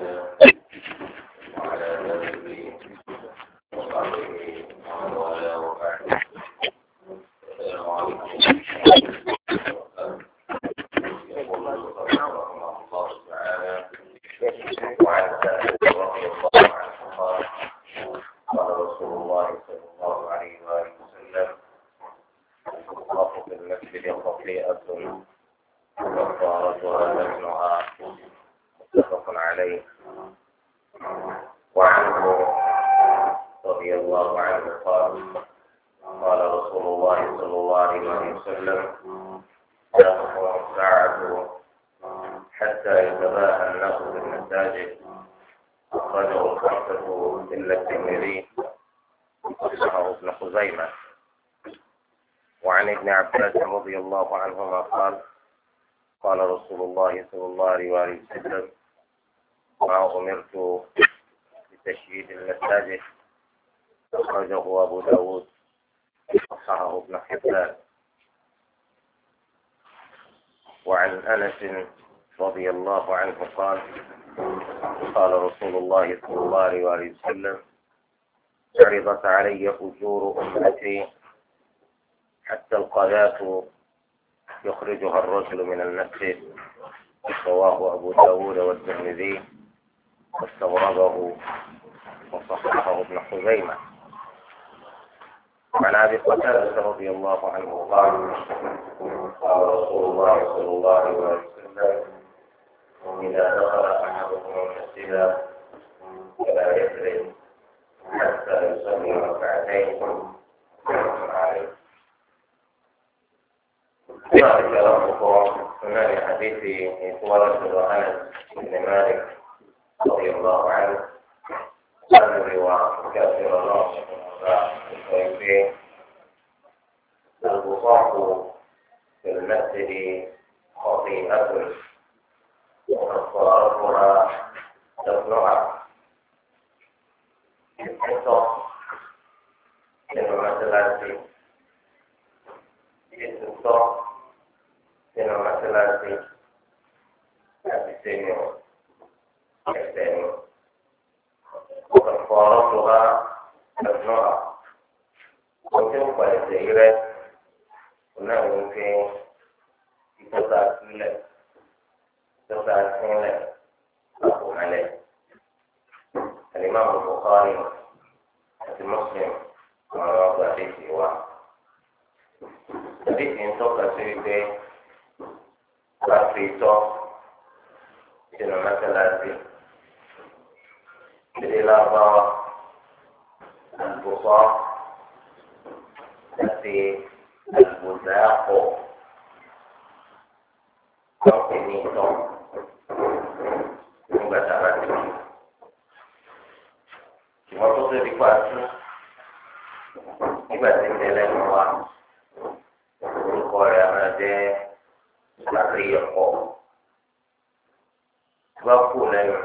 Yeah. صلى الله عليه وآله وسلم عرضت علي أجور أمتي حتى القذاة يخرجها الرجل من المسجد رواه أبو داود والترمذي واستورده وصححه ابن خزيمة عن أبي قتادة رضي الله عنه قال قال رسول الله صلى الله عليه وسلم إذا دخل أحدكم المسجد àdéhùn ń tọ́ka sí wípé wàá fi tọ́ sínú mọ́sálásí ìdílé lábáwá àlùbọ́sọ́ àti àlùbọ́sọ́ lọ́pọ̀ ní ìtọ́ nígbà tá a bá ti rí ìmọ́tótó ìdíkọ̀ àti nígbà tí ń tẹ́lẹ̀ ń wá. orúkọ rẹ̀ máa jẹ́ ìgbàlẹ́yẹ̀kọ́ tó bá kú lẹ́nu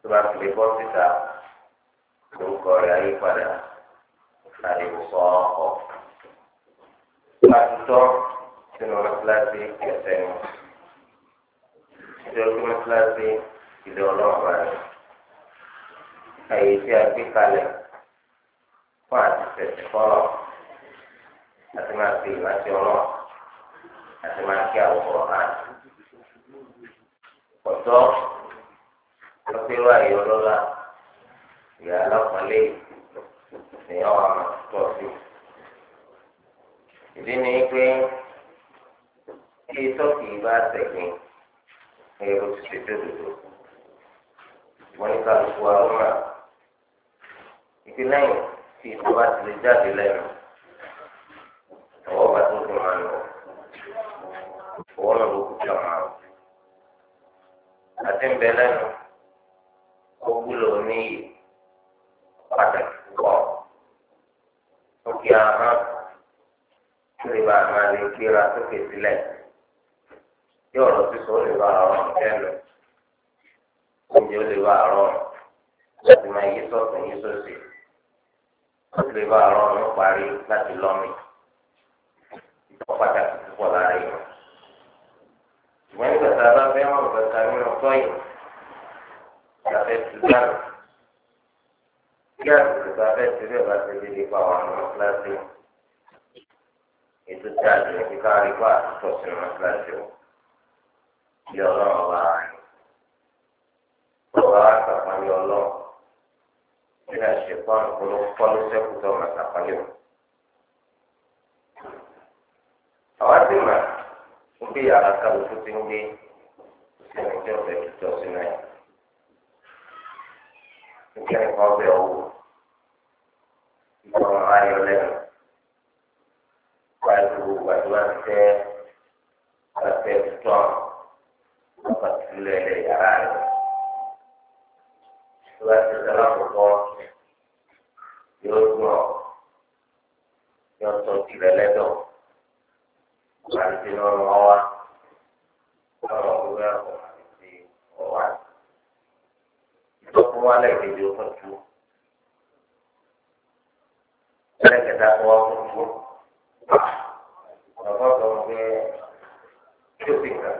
tó bá fi lè bọ́ síta orúkọ rẹ̀ ayípadà àdìbòsọ ọkọ̀ tó bá ti tọ́ sínú mọ́tíláṣí ẹ̀sẹ̀ ni ìjọba mọ́tíláṣí ìdè ọlọ́run bá rẹ̀ tí a gbé kalẹ̀ fún àtìsẹ̀sẹ̀ fọ́lọ́ àti máa fi ìrántí ọlọ́run àti máa kí àwòrán hàn. ọ̀tọ́ lọ́pẹ́rọ ayé ọlọ́lá ìyá alápọ̀nlé èèyàn wà máa tọ́ sí. ìdí ni pé kí tọ́kì bá tẹ̀gbìn ẹ̀rọ ti ṣe dòdòdò. wọ́n ní kálukú arúgbó ìpínlẹ̀ yìí tí ìjọba ti lè jáde lẹ́nu ọwọ́ bá tó ń fún wa lọ ọwọ́ náà ló kú tí ọmọ àwọn àti ń bẹ lẹ́nu ó wúlò ní pàtàkì púpọ̀ ó kí ahọ́n tó lè bá máa lè gbéra sókè sílẹ̀ tí ọ̀rọ̀ sísọ lè láti lọ́mìí. pàtàkì púpọ̀ lára yìí ìwọ́n nígbà tá a bá fẹ́ wọn bàtà nínú sọ́yìn ìgbàfẹ́ ti dànù bí àtúntò ìgbàfẹ́ ti rí ọ̀la ti rí ipa wà ní mọ́sálásí ètò tí a lè fi ká rí ipa àtúntò sí mọ́sálásí o bí àwa sì mà ń gbé yàrá káwọ tó ti ń gbé sínú ìjọ ọbẹ tó sínú ẹ nígbà nípa ọbẹ owó ìgbọràn ayọ lẹ́nu pẹ̀lú gbàdúrà tẹ àtẹ tó àpàtúlẹ lẹ yàrá rẹ tó bá ti sẹ lákòókò yóò dùn ọ yóò tọ tìrẹ lẹdọ láti lọ́rọ̀ wọn wá lọ́rọ̀ orí àpò àti ọ̀wá. ìtọ́kùn wa lẹ́ẹ̀kejì ó fún tu. ẹlẹ́kẹta kọ́ wa fún tu. bàbá sọ pé kí o sì kà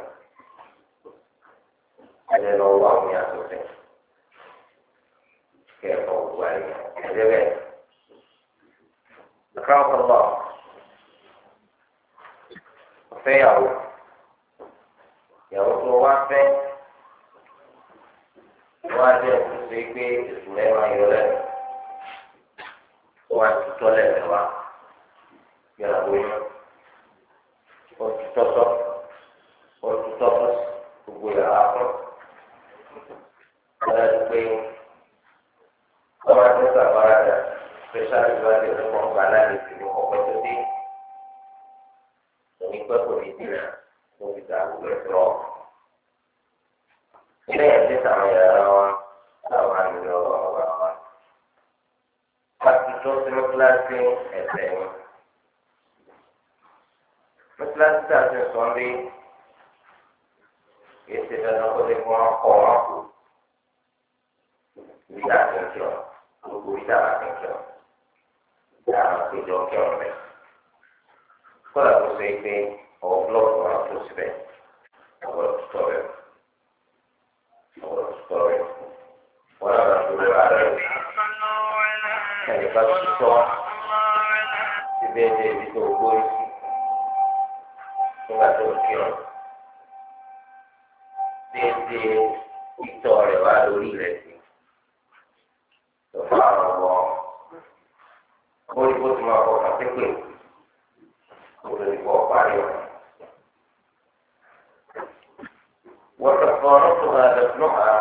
ẹlẹ́ lọ́wọ́ àwọn yàtọ̀ sẹ́ ẹ̀jẹ̀ bẹ́ẹ̀. ذكرك الله ọ̀fẹ́ yàwó yàwó tó wá fẹ́ wá jẹ́ òkúté pé ètò rẹ̀ máa yọ lẹ́nu wá tutọ́ lẹ́nu wa yàrá oyún ó tutọ́ sọ ó tutọ́ sọ gbogbo yàrá fún ọ̀rẹ́ pé ọmọ àti sàbára rẹ̀ pẹ̀sà ìgbàlè ọ̀pọ̀ gbàlá lè fi mú. pẹ́ kò ní dínà mo fi ta gbogbo ẹ̀ lọ. ilé ẹ̀ ti sàmì yàrá wa láwọn àlùyọ ọ̀rọ̀ wa. láti tó sí mọ́tíláṣí ẹ̀sẹ̀ ni. mọ́tíláṣí tàbí sọ́ndé kì í ṣe dandan kó lè fún ọkọ̀ wọn kù. ìdá àtúnṣe ọ̀ gbogbo ìdá àtúnṣe ọ̀ ìdá àtúnṣe ọ̀ kí kọ́lá kò sọ pé ọ̀wọ́ blọọkù wọn tó síbẹ̀ ọ̀wọ́ tutọ́ rẹ̀ ọ̀wọ́ Ora rẹ̀ wọ́n náà tó rẹ̀ ara rẹ̀ ẹ̀yẹ bá tutọ́ síbẹ̀ ẹ̀jẹ̀ ibi tó gbórí sí nígbà tó kí ọ déédéé ìtọ́ rẹ̀ wá lórí rẹ̀ sí tọ́fà àwọn ọmọ orí bó ti máa kọ́ kàtẹ́kọ̀ọ́. olùdìbò parí ọ. wọ́n ti fọ ọlọ́pàá náà lọ́dún náà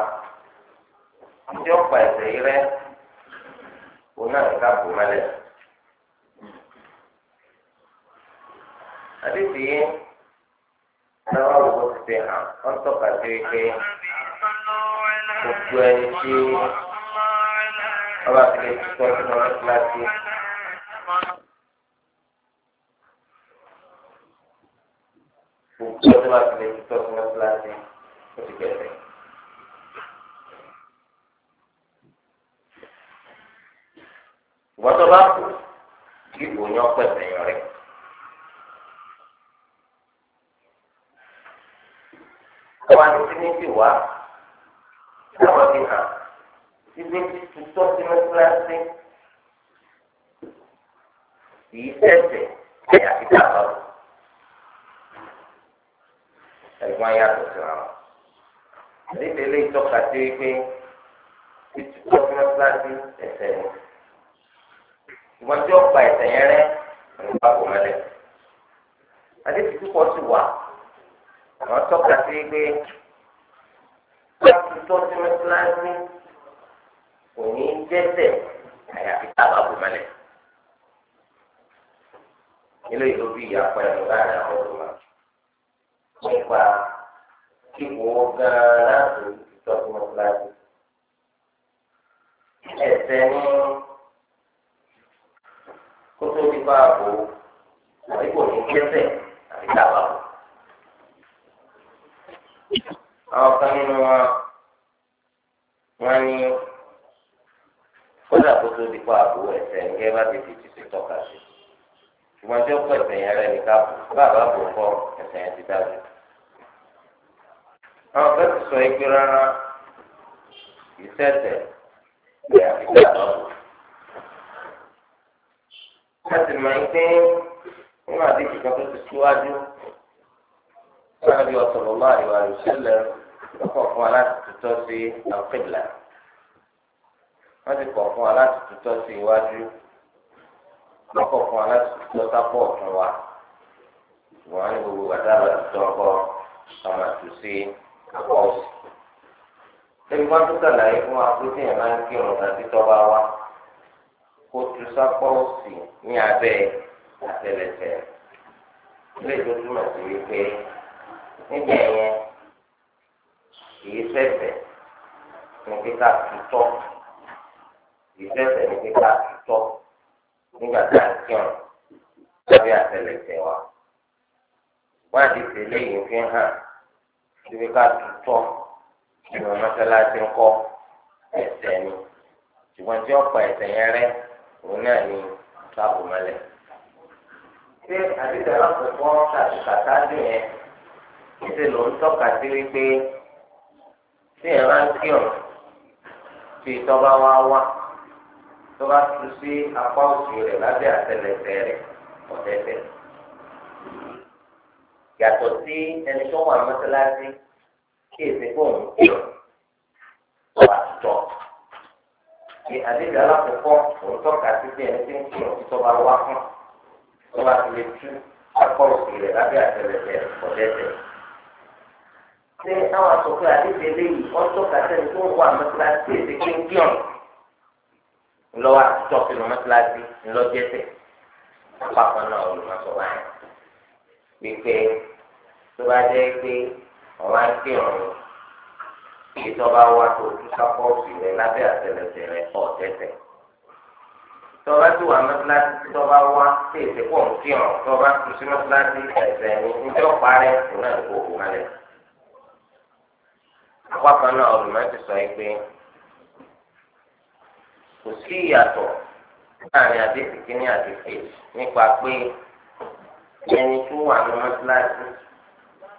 ǹjẹ́ ọ̀pá ẹ̀sẹ̀ yìí rẹ̀ kò náà ń ká bò mẹ́lẹ̀. àdìsí yìí náà wà wọ́n ti gbogbo ẹni tí ọba fi lè tutọ́ sínú ọlọ́pàá sí. gbogbo ọdún wa tilẹ̀ tó tọ́ fún ọ́síláṣí ó ti bẹ̀rẹ̀. ìwọ́tọ́ bá kú kí òyìn ọ̀pẹ̀ sẹ̀yìn rẹ̀. àwọn àti ní ti wá láwọn fi hàn ibi tuntun sí mọ́síláṣí kì í tẹ̀sẹ̀ àti káàbọ̀ ẹ̀fọn ayàtọ̀ síra wọn. àdéhùn eléyìí tọ́ka sí wípé títúkọ́ tí wọ́n sáájú ẹ̀sẹ̀ ni. ìwọ́n tí ó pa ẹ̀sẹ̀ yẹn rẹ́ ló bá kò mọ́lẹ̀. àdéhùn títúkọ́ sì wà àwọn tọ́ka sí wípé títúkọ́ tí wọ́n sáájú kò ní jẹ́sẹ̀ àyàfi tábà kò mọ́lẹ̀. ilé ìlú bí ìyá pẹ̀lú láàrin àwọn olùmọ̀ọ́ nípa ipò gan-an láti ìtọ́jú mọ́tíláṣí. ẹ̀sẹ̀ ní kó tó di bá àbò àbí kò ní kẹsẹ̀ àbí dàbà. àwọn kan nínú wa wọn ní kódà kó tó di bá àbò ẹ̀sẹ̀ ní kẹ́ bá ti fi títí tọ́ka sí. ṣùgbọ́n tí ó pẹ̀sẹ̀ yẹn rẹ̀ ní ká bàbá bò fọ́ ẹ̀sẹ̀ yẹn ti dájú. àwọn ti sọ ẹgbẹ́ rara ìtẹ́tẹ̀ pé àfikún àlọ́bù. láti máa ń nínú àdéhùn kan tó ti síwájú sáà bí máa rí wàá lùsílẹ̀ lọ́kọ̀ fún alátùtọ́ sí àkìlà. wọ́n ti kọ̀ fún alátùtọ́ sí iwájú lọ́kọ̀ fún alátùtọ́ sápọ̀ ọ̀tún wa. ọmọ àtúnṣe. àkọ́ọ̀sì. Ẹni wọ́n tún sàlàyé fún wa pé tí ìyàmá ń kírun àti tọ́ba wa kó tu sápọ́ọ̀sì ní abẹ́ àtẹlẹsẹ̀. Ilé ìjọ túmọ̀ sí wípé níbi ẹ̀yẹn kìí sẹ̀sẹ̀ ní kíkà tutọ́ kìí sẹ̀sẹ̀ ní kíkà tutọ́ nígbà tá a kírun lábẹ́ àtẹlẹsẹ̀ wa. Wọ́n á ti tẹ̀lé yìí fi hàn síbi ká tutọ́ ìwọ mọ́sálásí ń kọ́ ẹsẹ̀ ni ṣùgbọ́n tí ọ̀pọ̀ ẹsẹ̀ yẹn rẹ òun náà ni káàbù mọ́lẹ̀. ṣé àdìsẹ́ alákòókò tàbí kàtàdì yẹn ṣe ló ń tọ́ka sí wípé tí ẹ̀ máa ń kírun tí tọ́ba wá wá tọ́ba tu sí apá òsì rẹ̀ lábẹ́ àtẹlẹsẹ̀ rẹ̀ ọ̀tẹ̀ yàtọ̀ sí ẹni tó wà mọ́sálásí kí èsì fóun kúrò wà tọ̀. Ní àdéhùn alákòókò òótọ́ kàtí bí ẹni tí ń kúrò tó bá wá fún tó bá ti lè tú akọ̀rọ̀ ìrẹ̀ lábẹ́ àtẹlẹsẹ̀ ọ̀dẹ́sẹ̀. Ṣé àwọn àsọ̀kọ́ àdéhùn eléyìí wọ́n tọ́ka sẹ́ni tó wà mọ́sálásí èsì kí ń kúrò ńlọ́wọ́ àtijọ́ sínú mọ́sálásí ńlọ́jẹ́sẹ̀ àpapọ̀ náà olùmọ̀sọ̀ wáyé wípé tó bá jẹ́ pé ọ̀rá ń pè ọ̀run kí tó bá wá tó tú sápọ́ọ̀sì rẹ lábẹ́ àtẹlẹsẹ̀ rẹ ọ̀ tẹ́tẹ̀ tó bá tó wà mọ́tíláṣí tí tó bá wá sí ìsìnkú ń pè ọ̀run tó bá tú sí mọ́tíláṣí ẹ̀sẹ̀ ní níjẹ́ ọ̀pá rẹ ìrìn àgbo kò má náà ọ̀dùnmọ́ ti sọ pé kò sí ìyàtọ̀ láàrin àdéhùn kínní àdéhùn nípa pé ẹni tó wà ní mọ́tíláṣí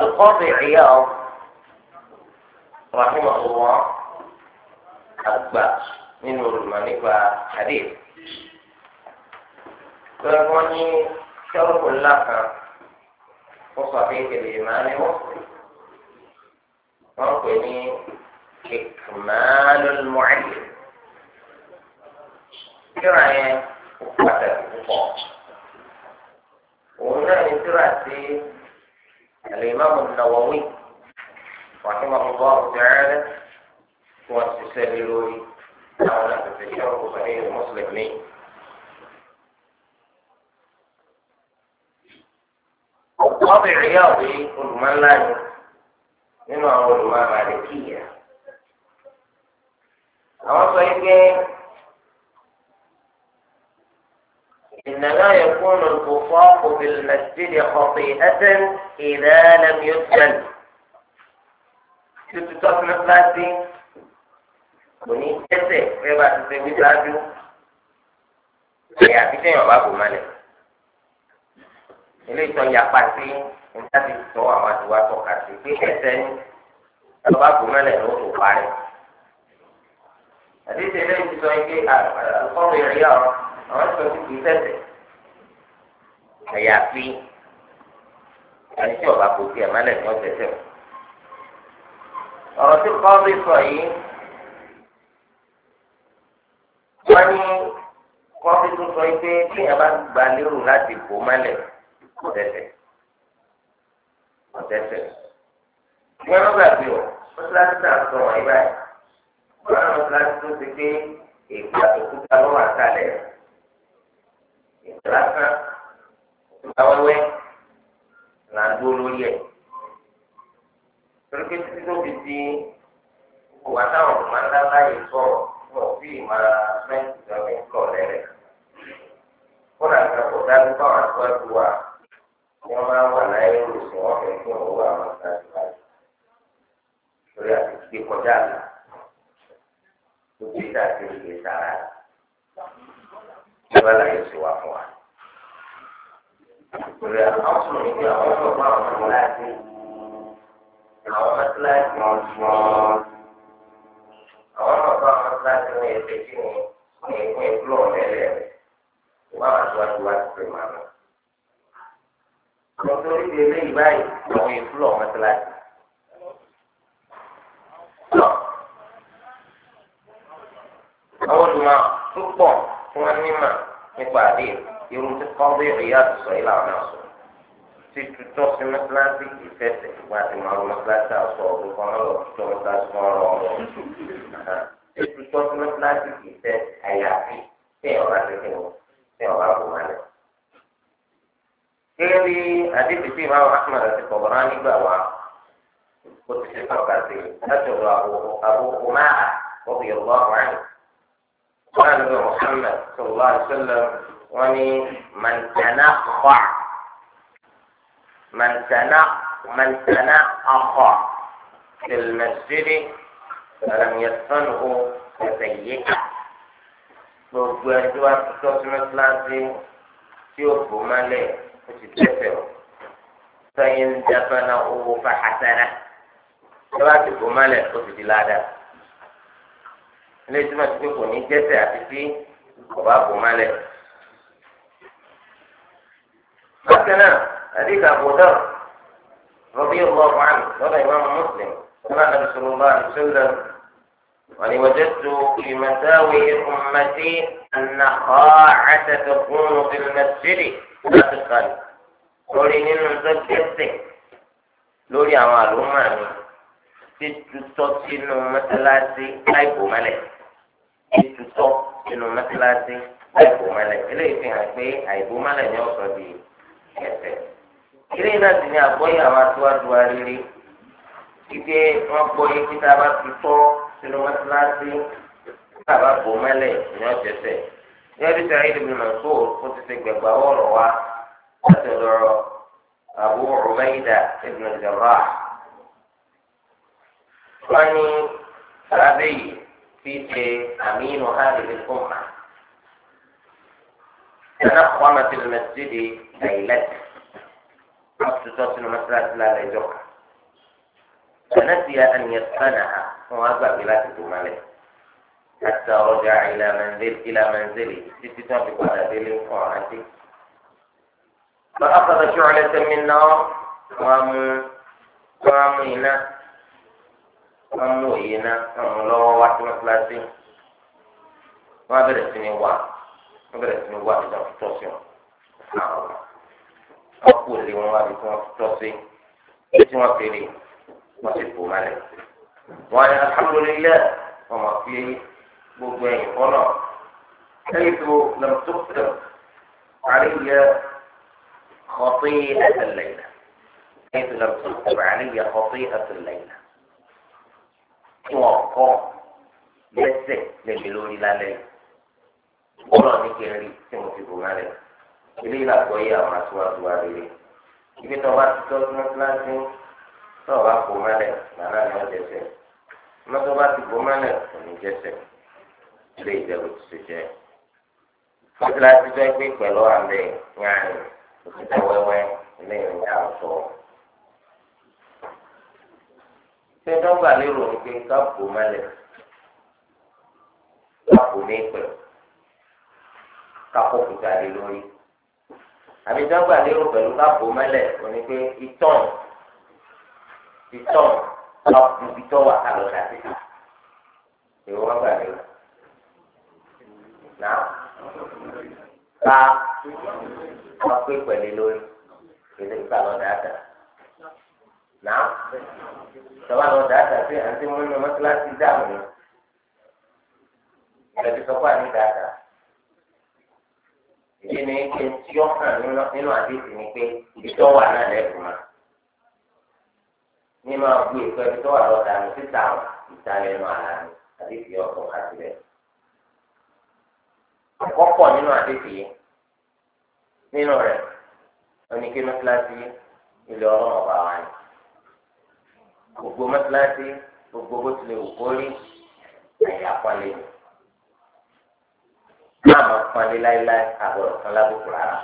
القاضي عياض رحمه الله أكبر من المنفى حديث فلقوني شرف لك وصفيك الإيمان مسلم ربني إكمال المعلم كرعي وقتل وقتل ونحن كرعي الإمام النووي رحمه الله تعالى وتسللوا حول تشرح صحيح مسلم لي القاضي عياضي من لا nínú àwọn olùmọ̀ àmàlẹ́kìyà àwọn إن لا يكون البصاق بالمسجد خطيئة إذا لم يسجن títí tó fi máa sí kò ní ẹsẹ̀ rẹ bá ti ṣe wí ṣáájú ẹ̀yà àti tẹ̀yìn ọ̀bá kò malẹ̀ ilé ìtàn yapa sí nígbà tí sọ àwọn àtiwá tọ́ka sí pé ẹsẹ̀ ní ọba kò malẹ̀ ló kò parẹ́ àti tẹ̀lé ìtàn yìí pé ah, àlùfọ́ọ̀rù ìrìyà ọ̀rọ̀ àwọn sọ sí kìí tẹ̀sẹ̀ àyàfi ẹni tí ọba kò tiẹ̀ má lẹ́nu ọ̀tẹ̀tẹ̀ o ọ̀rọ̀ tí kọ́ọ̀bì sọ yìí wọ́n ní kọ́ọ̀bì tó sọ pé kí ẹ bá gba lérò láti bò mọ́lẹ̀ ọ̀tẹ̀tẹ̀ ọ̀tẹ̀tẹ̀ ìyẹn ló gbàgbé o mọ́tíláṣí náà sọ wọ́n yí báyìí wọ́n á mọ́tíláṣí tó ti pé èkó àtòkúta ló wà sálẹ̀ rẹ̀ ìtura kan ìtura wẹ́wẹ́ là ń dúró lórí ẹ̀ torí títí tó fi di kò wá táwọn kò máa ń dá láyè sọ̀rọ̀ fún òbí ìmọ̀ mẹ́tì lọ́wọ́ ìkọ̀ lẹ́rẹ̀ kódà kan kò dájú báwọn àtúwájú wa wọ́n máa wà láyé lóṣù wọn fẹ́ fún òwò àwọn ìtajà báyìí torí àti gbé kọjá àná òbí ìtajà ìgbésà rẹ̀ sálàyé sì wà fún wa. Ìpèrè àwọn sọ̀rọ̀ ní pé àwọn sọ̀rọ̀ bá àwọn ọmọ láti àwọn ọmọ síláàsì wọn sùn. Àwọn ọmọ bá àwọn síláàsì wọn yẹ pé kí ni wọ́n yẹ fún ìkúlọ̀ mẹ́lẹ̀ rẹ̀. Ìwà àtúwájú wa ti pè màá lọ. Àwọn tó ń gbé lẹ́yìn báyìí àwọn ìkúlọ̀ wọn síláàsì. Àwọn olùmọ̀ tó pọ̀ tí wọ́n nímọ̀ nípa àdé irun tí kọ́ńdé ìyáàtú sọ yìí làwọn náà sọ tí tutọ́ sí mẹ́tíláńtì kìí fẹsẹ̀ wá sí máa ń mẹ́tíláńtì àṣọ ọdún kan lọ tutọ́ mẹ́tíláńtì kan rọ ọ̀rọ̀ tí tutọ́ sí mẹ́tíláńtì kìí fẹ́ àyàfi tí ẹ̀ wá tẹ́tẹ́ wọn tí ẹ̀ wá bò wọn lẹ̀. gẹ́gẹ́ bí àdébì tí ìmáàmù ahmed àti nígbà wa ó ti ṣe tọ́ka sí láti قال محمد صلى الله عليه وسلم وني من تنخع من تنع من تنعخ في المسجد فلم يدفنه فسيئه gbogbo ẹjọ wa ti tọ́ sínú kíláàsì tí ó bò mọ́lẹ̀ ó ti tẹ̀sẹ̀ o sẹ́yìn dábàá náà owó fa àtàrà tí wọ́n ti bò mọ́lẹ̀ ó ti di ládàá. ilé tí wọn ti pé fi ní jẹ́sẹ̀ àti pé ọba kò má lẹ̀. bákan náà àdéhùn àbúdá rọbí ọlọ́ọ̀bù àná lọ́dọ̀ ìmáàmù mùsùlùmí sọ́nà soro bá àdìsọ́lá wọ́n lórí je وجدت في مساوي أمتي أن خاعة تكون في المسجد lati تقل lórí nínú to sọ́kẹ́sẹ̀ lórí àwọn àlùmọ́ mi títú tọ́ sínú mọ́tálásí láìbò mọ́lẹ̀. ètò sọ nínú mọ́tíláṣí láìbò eléyìí fi hàn pé àìbò ni ọ̀sọ̀ di ẹ̀fẹ̀. náà sì àwọn kí tá a bá ti tọ́ sínú mọ́tíláṣí tá a bá bò mọ́lẹ̀ ni ọ̀sẹ̀sẹ̀. yóò bí sẹ́yìn ìdìbò náà ti ti gbẹ̀gbà ọ̀rọ̀ wa láti lọ́rọ̀ Abu Ubaida wọ́n ní فيك أمين هذه الأمة تنقم في المسجد ليلته حتى تصل مسجد لا يجوك فنسي أن يدفنها وهذا بلا تتماله حتى رجع إلى منزل إلى منزله تتطابق على ذلك وعنتي فأخذ شعلة من نار وامينه هنا wọn mú òye náà wọn mú lọ́wọ́ wá sí mọ́tíláṣí wọn bẹ̀rẹ̀ sí ni wà wọn bẹ̀rẹ̀ sí ni wà nígbà tó tọ́ sí wọn àwọn wọn kò wọn wá bí wọn tọ́ sí tí wọn fi rí wọn sì bò mọ́lẹ̀ wọn ni alhamdulilayi wọn mọ̀ fi gbogbo ẹ̀yìn fọ́nà حيث لم تقدر علي خطيئة الليلة حيث لم تكتب علي خطيئة الليلة tí wọn kọ́ lẹ́sẹ̀ lẹ́mi lórí lálẹ́ bọ́lọ̀ ní kí n rí tí mo ti bò lálẹ́ ilé ìlàgbọ́ yé àwọn aṣáájú wa rere ibi tó bá ti tọ́jú mọ́tíláṣí tó o bá bò mọ́lẹ̀ nàrà ni wọ́n jẹsẹ̀ mọ́tò bá ti bò mọ́lẹ̀ kò ní jẹsẹ̀ ilé ìjẹ̀bù ti ṣe jẹ́ mọ́tíláṣí tó ń pè pẹ̀lú àmì yàn òkúta wẹ́wẹ́ ilé ìrìn àwọn sọ̀rọ̀. ṣé dọ́gba lérò ní pé ká bò mọ́lẹ̀ ká bò ní ìpè ká kó kùtà lé lórí àbí dọ́gba lérò pẹ̀lú ká bò mọ́lẹ̀ òní pé ìtàn ìtàn ká bu ìtọ́ wà ká lọ dà sí wọn gbà lérò náà ká ká pé pẹ̀lú lórí ìdè ìgbà lọ dà náà sọ́wọ́ àwọn dáadáa pé àti mú inú mọ́tíláṣí dáàmú ni ìrẹ̀bí sọ fún àmì dáadáa. Ìdí ni pé tí ó hàn nínú àdéhùn ni pé ibi tó wà náà lẹ́kùn máa. Nínú àgbo ìfẹ́ ibi tó wà lọ́dà ní títà ìtàlẹ̀ nù àlà ni àdéhùn yóò kọ́ àti rẹ̀. Àkọ́kọ́ nínú àdéhùn yìí nínú rẹ̀ oníkémọ́tíláṣí ilé ọlọ́mọba wa ni gbogbo mọ́tíláṣí gbogbo bó tilẹ̀ wù kó rí ẹ̀yà pálí náà máa pálí láéláé àgọ́rọ̀ kan lábùkù rárá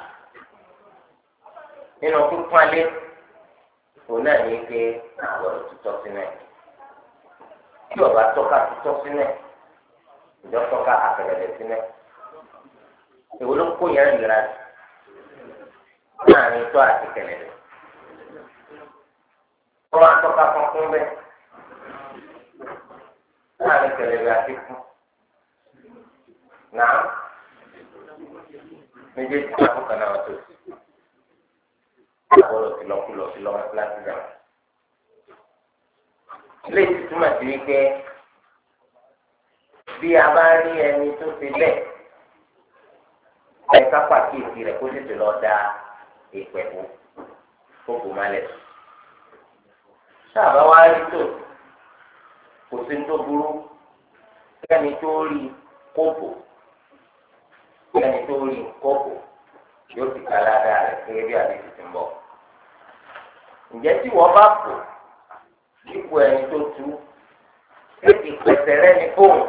nínú pípálí òun náà ní pé àgọ́rọ̀ tutọ́ sínú ẹ̀ tí ọba tọ́ka tutọ́ sínú ẹ̀ ìjọ tọ́ka àpẹẹrẹ sínú ẹ̀ èwo ló kó yẹn ń yẹra láàrin tó àti kẹlẹ̀ rẹ̀ kọ́ máa tọ́ka funfun bẹ́ẹ̀ láàrin kẹlẹ̀rẹ̀ àti fún náà méjèèjì náà fún kan náà tó sí àbọ̀rọ̀ tìlọ́kùlọ̀ sí lọ́wọ́ láti gbà. léyìí túmọ̀ sí wípé bí a bá rí ẹni tó ti bẹ́ẹ̀ ẹ̀ka pàkíyèsí rẹ̀ kó tètè lọ da ìpẹ̀kú kó kò má lẹ̀ sùn sáàbà wá rí tó kò sí tó burú kẹ́ni tó rí kóòpù kẹ́ni tó rí kóòpù yóò ti kà ládàá rẹ̀ gẹ́gẹ́ bí àdéhùn ti ń bọ̀. ǹjẹ́ tí wọ́n bá pò dípò ẹni tó tú ètì pẹ̀tẹ̀rẹ́ ni fóun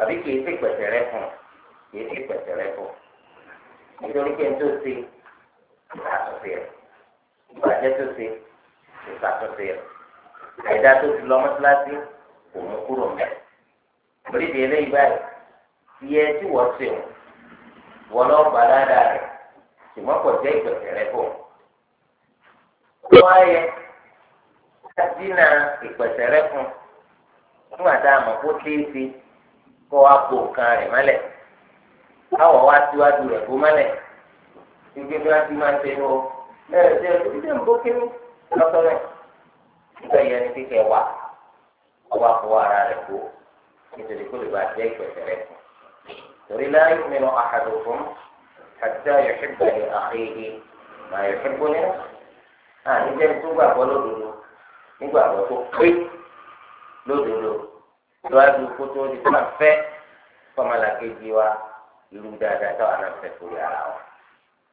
àbí kì í ti pẹ̀tẹ̀rẹ́ fún kì í ti pẹ̀tẹ̀rẹ́ fún nítorí pé n tó ṣe àtúnṣe rẹ̀ ìbàjẹ́ tó ṣe. kò sàtúnṣe rẹ̀ àìdá tó ti lọ mọ́tíláṣí kò mú kúrò mẹ́ lórí eléyìí báyìí iye tí wọ́n ṣe o wọ́n lọ gbà dáadáa rẹ̀ ṣùgbọ́n kò jẹ́ ìgbẹ̀sẹ̀ rẹ̀ fò wọ́n á yẹ ká dínà ìgbẹ̀sẹ̀ rẹ̀ fún fún lọ́sọ̀rọ̀ nígbà yẹn ni kíkẹ́ wà ọba fún ara rẹ̀ kú nítorí kó lè bá jẹ́ ìpẹ̀sẹ̀ rẹ̀ kù. torí la yu'minu ahadukum hatta yuhibba li akhihi ma yuhibbu li nafsihi. àní jẹ́ tó gbàgbọ́ lódodo nígbàgbọ́ tó pé lódodo lọ́wọ́dù kó tó di tó máa fọmọlàkejì wa irú dáadáa táwọn náà fẹ́ torí wa.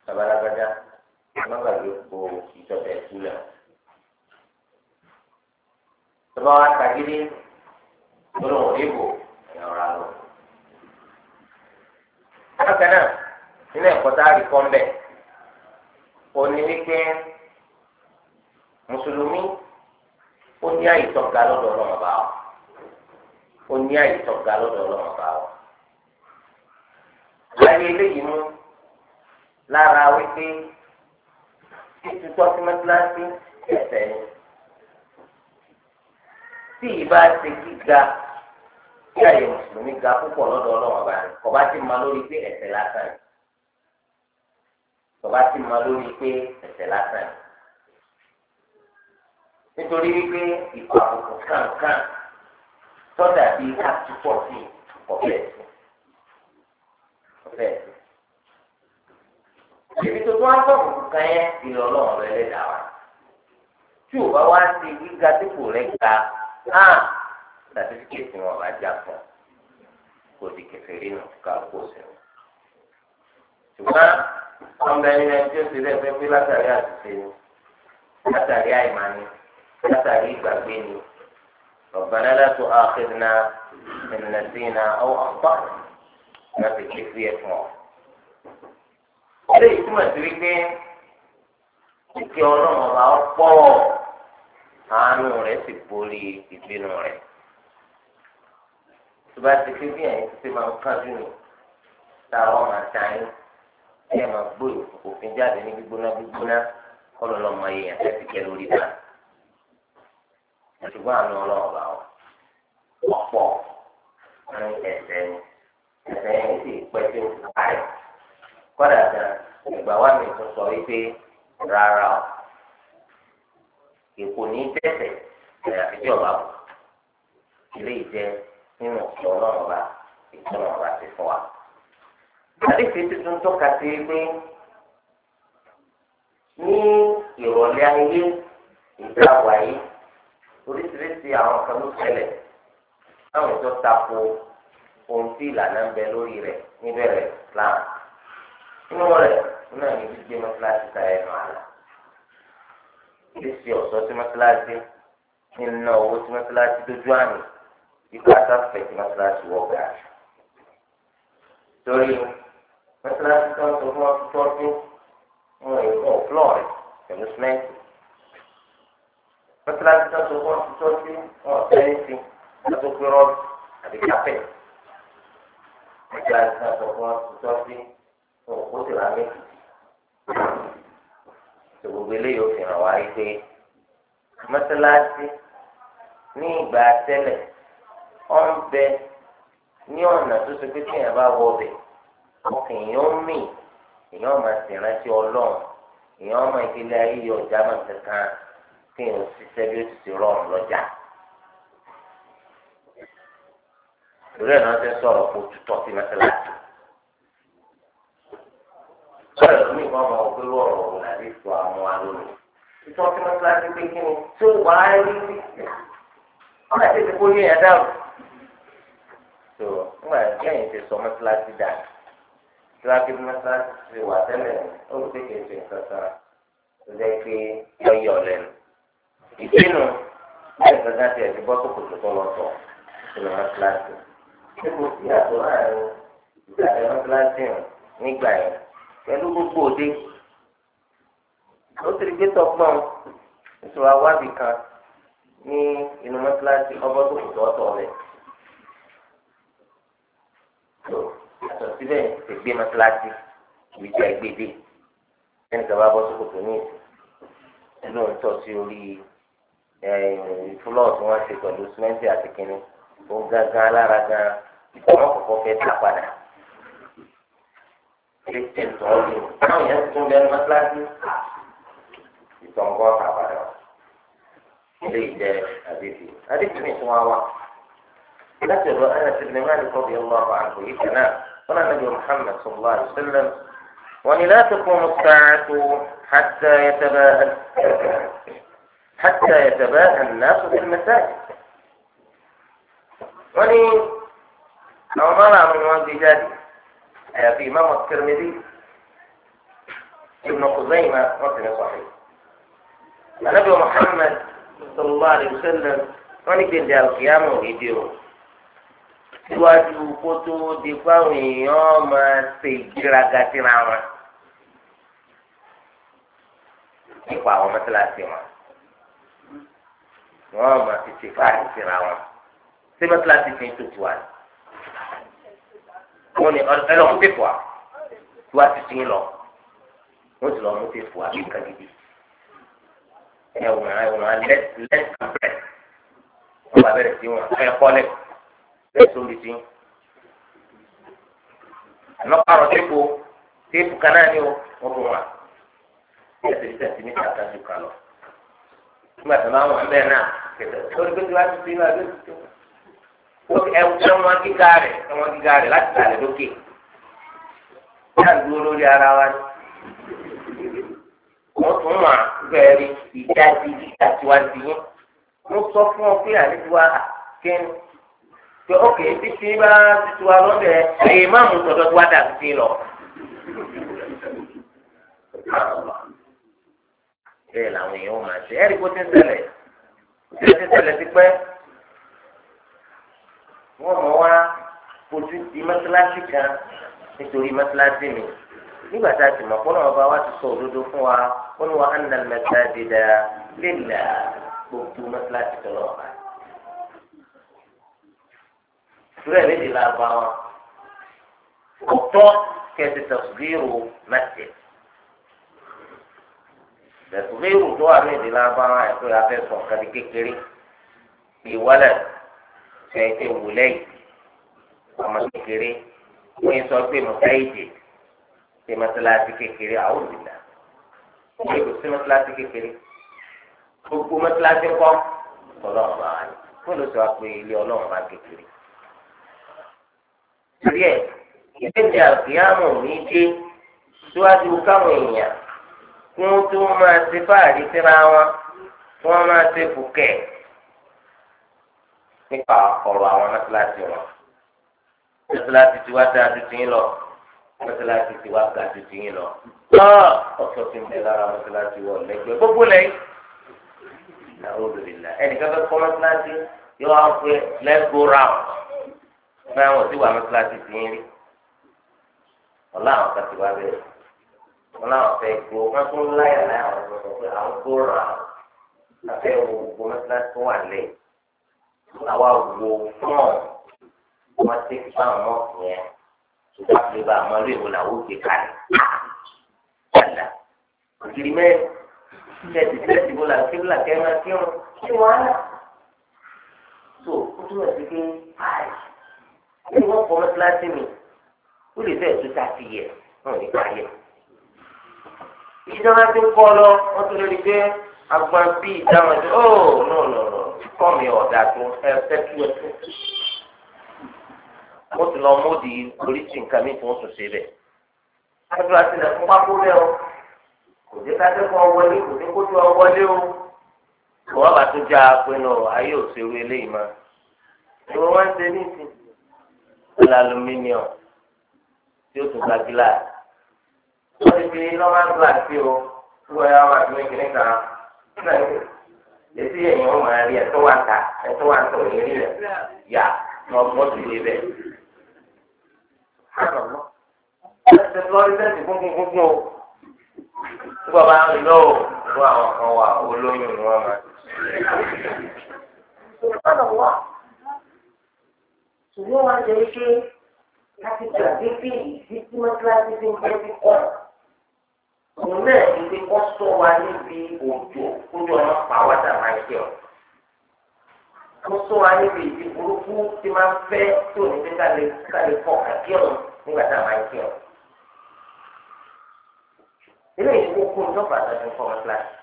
babalábájá ọlọ́gbàgbé kó ìjọba ẹ̀kú lẹ́wọ̀n tọ́ba wa tagídí lọ́dọ̀ wọn níbò ẹ̀yàn ọ̀rá lọ. bákan náà nínú ẹ̀kọ́ tá a rí kọ́ mbẹ́ òní wípé mùsùlùmí ó ní àyè tọ́ga lọ́dọ̀ ọlọ́run bá ọ ó ní àyè tọ́ga lọ́dọ̀ ọlọ́run bá ọ. láyé eléyìí mú lára wípé títú tọ́sí mẹ́tíláṣí ẹ̀sẹ̀ ni tí ìbá ṣe gíga kí àyè mùsùlùmí ga púpọ̀ lọ́dọ̀ ọlọ́run ọba rẹ̀ kọ̀bá ti ma lórí pé ẹ̀ṣẹ̀ lásán yìí kọ̀bá ti ma lórí pé ẹ̀ṣẹ̀ lásán yìí nítorí wípé ìkọ̀ àbùkù kàǹkàǹ tọ́jà bíi káàtúpọ̀ sí ọ̀fẹ́ ẹ̀sìn ọ̀fẹ́ ẹ̀sìn. Èmi tó tún á sọ̀rọ̀ kan yẹn ìlọ rẹ̀ lẹ́dàá wa. Tí ò bá wá sí gíga dípò rẹ̀ ga hàn ah. sàtífíkẹ́tì wọn bá já fún kò di kẹfẹ́ rí nù ká kó sẹ́wọ̀n. ṣùgbọ́n ọmọ ẹni ẹni tí ó ti rẹ̀ fẹ́ pé látàrí àtúnṣe ni látàrí àìmọ̀ ni látàrí ìgbàgbé ni ọ̀gbọ́n aláṣọ àkẹ́dínà ẹ̀nìyàsínà ọwọ́ àpá láti ké sí ẹ̀fọn ọ̀. eléyìí túmọ̀ sí wípé ìkẹ́ ọlọ́run ọba ọ̀pọ̀ ọ̀ àánú rẹ̀ sì borí ìbínú rẹ̀ tó bá ti ké bí ẹ̀yin ti máa ń kájú nù táwọn máa ta yín tí ẹ máa gbó òfin jáde ní gbígbóná gbígbóná kọlọ lọ mọ èèyàn tẹ́tí kẹ lórí náà ṣùgbọ́n àánú ọlọ́run bá wọn ọ̀pọ̀ ní ẹ̀sẹ̀ ẹ̀sẹ̀ yẹn sì pẹ́ tí ó ti kọ́dà gan ìgbà wà mí tún sọ wípé rárá o èkó ní tẹ̀sẹ̀ àyàfi tí ọba kù ilé ìjẹ nínú ọ̀sẹ̀ ọlọ́run ọba ìtọ́nà ọba ti fún wa. àdéhùn tuntun tọ́ka sí pé ní ìrọ̀lẹ́ ayé ìjà wáyé oríṣiríṣi àwọn kan ló ṣẹlẹ̀ táwọn ìjọ tako ohun tí ìlànà ń bẹ lórí rẹ̀ níbẹ̀rẹ̀ Islam. inú rẹ̀ náà ní gbígbé mọ́tíláṣí ta ẹnu àlà ṣíṣe ọ̀ṣọ́ sí mọ́sálásí nínú owó sí mọ́sálásí dójú àmì ikú àtàfẹ́ sí mọ́sálásí wọ́ gà. torí mọ́sálásí tó ń sọ fún ọtún tọ́jú wọn èèkó flọ́ọ̀rì pẹ̀lú sìmẹ́ǹtì. mọ́sálásí tó ń sọ fún ọtún tọ́jú wọn ọ̀tẹ́ẹ̀tì tó pé rọ́ọ̀bì àti kápẹ́. mọ́sálásí tó ń sọ fún ọtún tọ́jú wọn òkú sì rà tó gbogbo eléyìí ó fi hàn wá pé mọ́sálásí ní ìgbà tẹ́lẹ̀ ó ń bẹ ní ọ̀nà tó ṣe pé tí èèyàn bá wọ ọbẹ̀ ọkàn èèyàn ń mì èèyàn máa sì rántí ọlọ́run èèyàn máa ìdílé ayé yọ ọjà máa kankan kí èèyàn ṣiṣẹ́ bí ó ti ṣe rọrùn lọ́jà. ìrẹ́ náà ti sọ̀rọ̀ kó tutọ́ sí mọ́sálásí sọ̀rọ̀ mi máa ma ọ̀gbẹ́ wọ̀rọ̀ wò láti sọ àwọn alóòrùn. Ìtọ́ kí wọ́n kíláàsì pé kí ni tí ó wà á rí sí. Wọ́n máa tètè kó yẹn dáhùn. Tó nígbà lẹ́yìn ti sọ mọ́tíláàsì dà. Kíláàsì mọ́tíláàsì ti wà tẹ́lẹ̀ ó ti kèsì kankan. Ó jẹ́ pé ọyọ̀ lẹ́nu. Ìpinnu bẹ́ẹ̀ kankan ti ẹ̀sìn bọ́ sókòtò tó lọ sọ nínú mọ́tíláàsì. Ṣé kò sí àtọ̀ láàrin pẹ̀lú gbogbo òde ó ti rí gbẹ́tọ̀ ìṣòro awádìí kan ní inú mọ́tíláṣí ọgbọ́n tó kù lọ́tọ̀ rẹ̀ yàtọ̀ síbẹ̀ ìgbé mọ́tíláṣí ìwé jẹ́ ìgbéde ẹnì kan bá bọ́ sókòtò ní ìsìn ẹnu ń tọ́ sí orí fúlọ́ọ̀ tí wọ́n ṣe pẹ̀lú símẹ́ǹtì àti kínní tó gángan lára gan ọmọ kọ̀ọ̀kan fẹ́ tà padà. fifteen tọ́jú táwọn yẹn tún bẹ́ẹ̀ mọ́tíláṣí ìtọ́nkọ́ àbàdà ilé ìjẹ àdébì àdébì mi tún wá wá láti ọ̀dọ̀ ẹ̀yà tí ní máa ní kọ́ bí ọlọ́ àwọn àgbò yìí kan náà wọn náà nàbí muhammed sallallahu alayhi wa sallam wọn ni láti kún un sàátù hàtà yẹtẹbẹ hàtà yẹtẹbẹ ànáṣu fi mẹsàgì wọn ni àwọn mọ́ra àwọn ni wọ́n gbé jáde. àyàfi ìmáàmù Tirmidhi Ibn Khuzaymah wọn sì ní sahih. Ànábì Muhammad sallallahu alayhi wa sallam wọn ní gbèndé àlùkìyàmù òyìnbí o síwájú kó tó di fáwọn èèyàn máa ṣe ìgbéraga síra wọn nípa àwọn mọ́tíláṣí wọn wọn ti ṣe wọn ṣé mọ́tíláṣí fi ń tó tiwa ni wọn ni ẹ lọ mú pépù wa tí wàá ti sin lọ wọn sì lọ mú pépù wa bí nǹkan gidi ẹ wọn ẹ wọn lẹs lẹs kàpẹ wọn bá bẹ̀rẹ̀ sí wọn ẹ kọlẹ lẹs orí sí àná pààrọ̀ tẹpù tẹpù kan náà ni ó wọn bọ wọn ẹsẹ̀ ní sẹsì mítà kan ju kan lọ nígbà tí wọn bá wọn bẹ́ẹ̀ náà kẹtẹ lórí pé tí wàá ti sin lọ àbẹ tuntun ẹwọn gíga rẹ̀ ẹwọn gíga rẹ̀ láti tàlẹ̀ lókè ní àdúró lórí ara wa ni wọ́n tún wà bẹ̀rẹ̀ ìdájí gíga tiwanti yín mo sọ fún ọ pé àlejò àkẹ́ni pé ókè títí bá títí wa lọ́dẹ̀ ẹ̀yẹ máa mú tọ̀dọ̀ tó wá dà sí lọ. bẹ́ẹ̀ làwọn èèyàn máa ṣe ẹ̀rí kó kó tẹ́ sẹ́lẹ̀ ti pẹ́ wọ́n mọ̀ wá fojú di mọ́sálásí kan nítorí mọ́sálásí mi nígbà tá a ti mọ̀ kọ́nà ọba wa ti sọ òdodo fún wa wọ́n ní wa á nà mẹ́ta dídá léèlà gbogbo mọ́sálásí tó lọ́wọ́ bá. ìṣúrẹ́ méjì la bá wọn kò tọ́ kẹsì tẹ̀sùgírù mẹ́tẹ̀. tẹ̀sùgírù tó wà méjì la bá wọn àti pé a fẹ́ sọ̀kan ní kékeré ìwọlẹ̀ fẹ́ ṣe wù lẹ́yìn ọmọ kékeré wọ́n sọ pé mo fẹ́ ìdè ṣe mọ́sálásí kékeré àwọn òbílà wọ́n yóò ṣe mọ́sálásí kékeré gbogbo mọ́sálásí kọ́ ọlọ́run bá wà ní wọ́n lọ sọ pé ilé ọlọ́run bá kékeré. torí ẹ ìgbésẹ̀ àgbéyàmọ̀ mi dé síwájú káwọn èèyàn kí tó máa ṣe fáàrí síra wọn kí máa ṣe fùkẹ́ nípa ọ̀rọ̀ àwọn mẹ́tíláàtì wọn. mẹ́tíláàtì ti wá dáa ju tiyín lọ mẹ́tíláàtì ti wá ga ju tiyín lọ. ọ̀sọ̀ ti ń bẹ lára mẹ́tíláàtì wọ̀ lẹ́gbẹ̀ẹ́ gbogbo lẹ́yìn. àwọn olùdílà ẹnìkan fẹ́ kọ́ mẹ́tíláàtì yóò wá pé let's go round. báyọ̀ wọ́n ti wà mẹ́tíláàtì tiyín rí. ọ̀la àwọn kan ti wá bẹ́ẹ̀. ọ̀la àwọn fẹ́ gbó wọ́n tún láyà àwa wo fún wọn ti pa àwọn yẹn ṣùgbọ́n àti bá àwọn ilé ìwòlá ó ti kalẹ̀ padà ògiri mẹ́rin ilẹ̀ ti tẹ́lẹ̀ ti bó la kí la kẹ́ máa kírun kí wàhálà tó o túmọ̀ sí pé báyìí kí wọ́n kọ́ mọ́tíláṣí mi ó lè fẹ́ẹ̀ tó ta ti yẹ wọn ò ní pa yẹ. ìṣèjọba ti ń kọ́ lọ wọ́n tún lè pé agbọn bíi ìdáhùn ẹ̀ ó nù nù nù fọ́ọ̀mù ọ̀dà tó ẹ tú ẹ tú. mo ti lọ módi oríṣi nǹkan mi tó ń tún ṣe bẹ̀. ẹgbẹ́ àti ilẹ̀ fún pákó lẹ́ o kò dé ká dé kó ọ wọlé kò dé kó tó o. ìwọ́n bá tó já pinnu ayé òṣèlú eléyìí mọ́. ìwọ wọn ń ṣe ní ìsìn. ọ̀la aluminium tí ó tún gba gíláàsì. wọ́n ti fi normal glass sí o. tí wọ́n yà wá sí ní kìnnìkan létí ẹ̀yìn wọn máa rí ẹ̀tọ́ wa ta ẹ̀tọ́ wa tọ̀ ní rí rẹ̀ yà ní ọgbọ́n ti lé bẹ́ẹ̀. ẹsẹ̀ lọ rí sẹ́ǹtì gúngúngún o nígbà bá ń lọ o fún àwọn kan wà olóyún ni wọ́n máa. ṣùgbọ́n wọn jẹ́ ike láti gbàgbé bíi bíi tí wọ́n kíláàsì bíi ń bẹ́ẹ̀ bí kọ́ òun náà ní pé kó sọ wa níbi òjò kójú ọmọ pàwọ́dà máa jẹ ọ. kó sọ wa níbi ìdí burúkú tí máa ń fẹ́ tí òun ti kálẹ̀ kálẹ̀ kọ́ àkíọ̀n nígbà tá a máa jẹ ọ. ilé ìkókó ìjọba àtàkùn fọmọ kíláàsì.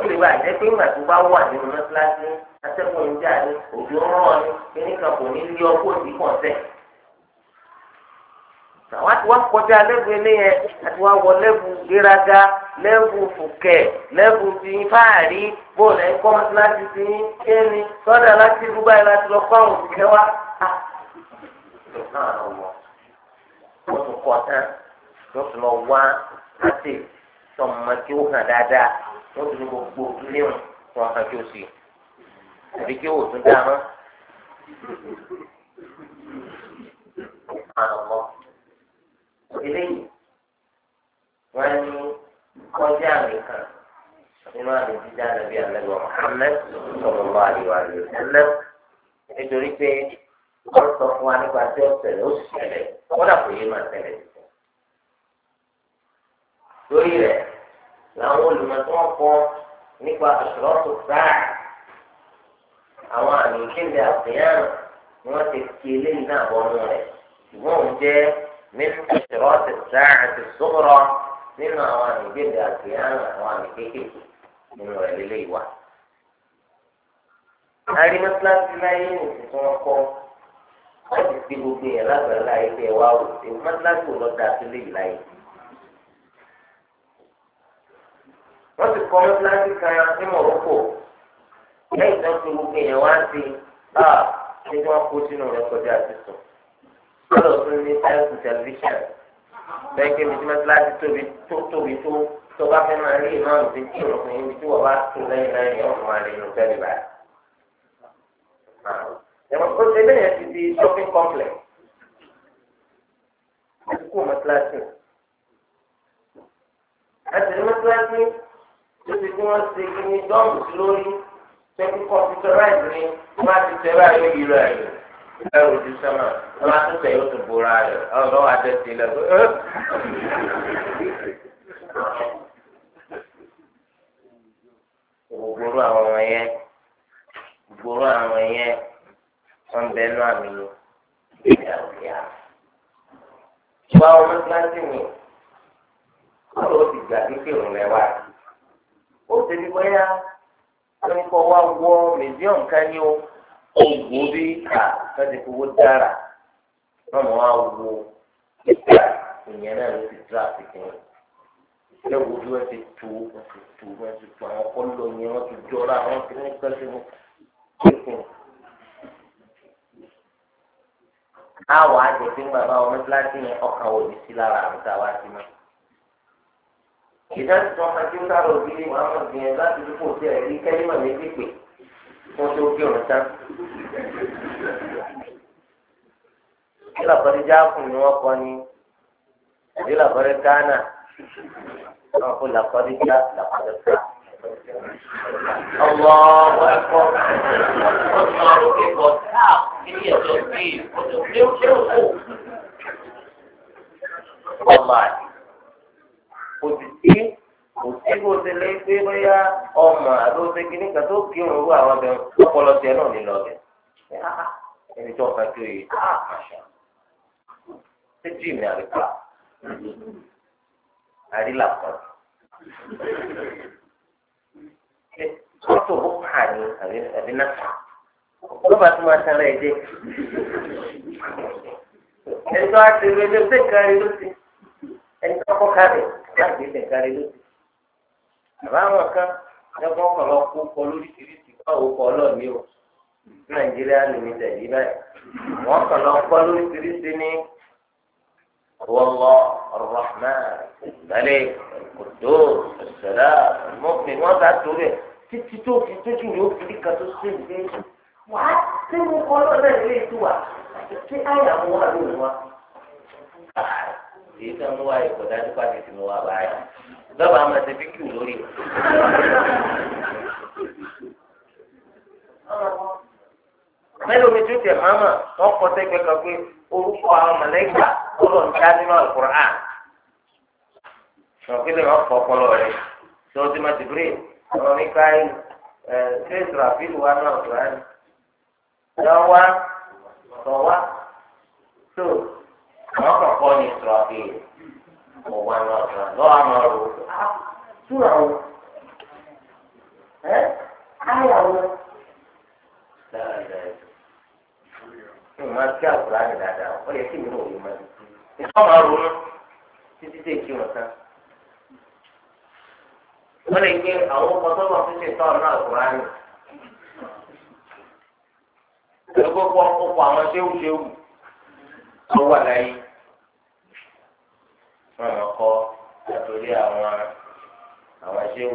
ó lè wá àjẹ́ pé ńgbà tó bá wà nínú mọ́tíláṣí atẹ́kùn ìjà ni òjò ń rọ̀ ni kíníkà kò ní lé ọkọ̀ òdì kọ̀ọ̀tẹ̀ wọ́n ti wá kọjá lẹ́bù eléyẹn àti wá wọ lẹ́bù gbéraga lẹ́bù fùkẹ́ lẹ́bù tìyín fáàrí bóòlù ẹ̀ kọ́ láti tìyín kéènì sọ́dà láti rúbà yìí láti lọ kọ́ àwọn òṣìṣẹ́ wa. Ah! wọ́n tún kọ́ tán wọ́n tún lọ wá láti sọ̀mọ́ kí ó hàn dáadáa wọ́n tún ní gbogbo léwọ̀n kí wọ́n kí ó sì àbí kí ó tún dáná. eléyìí wọ́n ní kọjá àmì nínú àmì jíjá nàbí àlẹ́gbọ̀n Muhammad sọ̀rọ̀ lọ́wọ́ àríwá rẹ̀ ṣẹlẹ̀ nítorí pé wọ́n sọ fún wa nípa tí ó ṣẹlẹ̀ ó sì ṣẹlẹ̀ kódà kò yé máa ṣẹlẹ̀ lórí rẹ̀ làwọn nípa sáà àwọn àmì ìkéde àfihàn ni wọ́n ti fi eléyìí náà ṣùgbọ́n من أشراط الساعة الصغرى من أوامر القيامة أوامر كيكي من ولي واحد àrí mọ́tíláṣí láyé nìsí tí wọ́n kọ́ wọ́n ti fi gbogbo yẹn lágbàá láyé pé wá o èyí mọ́tíláṣí ò lọ da sílé yìí láyé. wọ́n ti kọ́ mọ́tíláṣí kan ní Morocco lẹ́yìn tó ń fi lọ́dọ̀ tó ní tẹ́lifù tẹlifíṣàn bẹ́ẹ̀ kí ibi tí mẹ́tíláṣí tóbi tó tóbi tó tó bá fẹ́ máa rí ìmáàmù tó kí òun fún ibi tí wọ́n bá tó lẹ́yìn lẹ́yìn ọ̀hún máa rí inú tẹ́lẹ̀ báyìí. ẹ̀wọ̀n ó ṣe bẹ́ẹ̀ yẹn ti di shopping complex kó mẹ́tíláṣí. ẹsẹ̀ ní mẹ́tíláṣí tó ti fi wọ́n ṣe kí ni dọ́ọ̀mù lórí pẹ̀lú kọ̀mpútà ráìdì ni wọ́n á ti tẹ̀ báyìí ìrọ̀ ẹ̀yìn. ẹrù ju sẹ́mà ẹ máa tún sẹ́yìn ó tún bora rẹ̀ ọ̀rọ̀ lọ́wọ́ gbogbo àwọn ọmọ yẹn gbogbo àwọn ọmọ yẹn wọn bẹ nù àmì ìyàwóyà. ìwà ọmọ kíláàsì mi ti gbà lẹ́wà. ó ti o. tọ́jú owó dára wọ́n mọ̀ á wo ìyẹn náà ló ti dúró àfikún rẹ̀ ilé wo bí wọ́n ti tu wọ́n ti tu wọ́n ti tu àwọn kọ́lọ́ yẹn wọ́n ti jọra wọ́n ti ní kẹ́sì wọn kíkùn. àwọn àjẹsí ń bàbá wọn mẹ́tíláṣí yẹn ọkàn wò ní sí lára àbúta wa sí mọ́. ìdájọ́ tí wọ́n máa ti ń sáré òbílẹ̀ wọn àwọn ìgbìyànjú láti dúpọ̀ sí ẹ̀rí kẹ́lí mọ̀ méjì pé wọ́n tó kí ọ̀rọ̀ sáà ìlà kọ́ni jákùn ni wọ́n kọ́ ni ìlà kọ́ni gánà náà kó làkọ́ni já làkọ́ni ká. الله أكبر الله أكبر هي تطبيل وتطبيل وتطبيل والله وتطبيل òsígbò ti lé pé bóyá ọmọ àdóso kìíní kan tó kí òun wú àwọn ọbẹ̀ ọpọlọ tiẹ̀ náà nílò ọbẹ̀ ẹni tó ń ka kiri ah màṣá ṣé jíìmì àríkà àrílà kan mọ́tò ó kà ní àbí náà lọ́ba tó máa tẹ́lẹ̀ dé ẹ̀tọ́ àti ìrẹ́lẹ̀ ṣe kárí ló ti ẹ̀tọ́ kọ́ kárí láti ilẹ̀ kárí ló ti bàbá àwọn kan ẹ̀gbọ́n kan lọ kó kọ lóríṣiríṣi báwo kọ ọlọ́ọ̀ni o nàìjíríà lèmi tẹ̀lé báyìí wọ́n kàn lọ kọ lóríṣiríṣi ní. هو الله الرحمن الملك القدوس السلام المؤمن وضع الدولة تتتوك تتتوك يوم تلك تسلم وحتى مقالة ليه توا في آية موها دولة èyí tó ń wá ipò dájú pàdé tí mo wá báyìí lọ́ba àwọn ẹsẹ̀ bí mẹ́lẹ̀ omi tó tẹ̀ mọ́mọ́ wọ́n kọ́ sẹ́gbẹ́ kan pé orúkọ àwọn mọ̀lẹ́gbà kọ́lọ̀ ń dá nínú àlùkùrán. sọ pé lè wọ́n kọ́ ọpọlọ rẹ̀ tí wọ́n ti máa ti bírè ọmọ mi ká ẹ ṣé ìsirafílù wa náà tó rẹ̀ lọ wá lọ wá tó àwọn kọ̀ọ̀kan ní ìsirafílù kọ̀ wá náà tó rẹ̀ lọ́wọ́ àmọ́ rò ó túrà ah, ó ẹ́ áyà ó. ní ìmọ̀ àti àkùrá ni dáadáa ó yẹ kí oyi náà máa dùn. ìfọ́ máa ronú títí dé kí wọn tán. wọ́n lè gbé àwọn ọkọ̀ tó wà fún ọ̀nà àkùrá ẹgbẹ́ àwọn tó wà láyé. wọ́n máa kọ́ àtòrí àwọn àwọn ṣéwù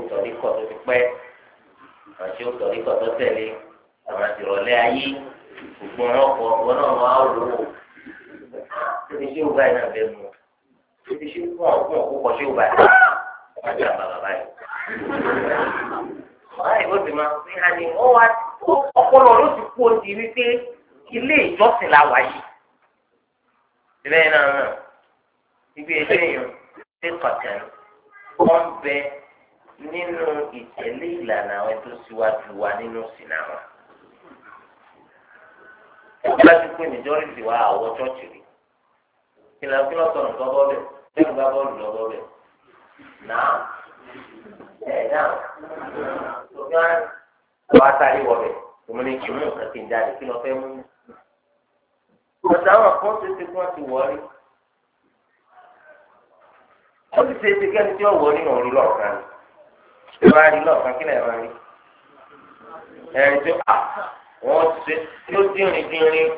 gbogbo ọkọ ọgbọ náà máa wò ó ibi tí ó báyìí náà bẹ mú ibi tí ó wà fún òkúkọ tí ó báyìí wọn jà bàbà báyìí. báyìí ó ti máa fi hàn ní ó ọpọlọ ló ti kú òdì wípé ilé ìjọsìn la wà yìí. ìbẹ́yìn náà náà ibi eléyìí ṣe pàtàkì wọ́n bẹ nínú ìtẹ̀lé ìlànà àwọn tó síwájú wa nínú sìnà wọn. láti ti pé majority wa àwọ̀ chọ́ọ̀chì rí kìlà kí lọ́ sọ̀rọ̀ nǹkan bọ́ bẹ̀ kẹ́kọ̀ọ́ bá bọ́ọ̀lù lọ bọ́ bẹ̀ náà ẹ̀ náà tó bí wọ́n wá sáré wọ bẹ̀ tòun ní kí mú nǹkan kí n jáde kí lọ fẹ́ mú mi. ọ̀sẹ̀ àwọn kan ṣe fún ó sì ṣe kẹ́ni tí ó lọ́ọ̀kan lọ́ọ̀kan máa rí tó à. Ah! wọ́n ṣe yóò dínrín dínrín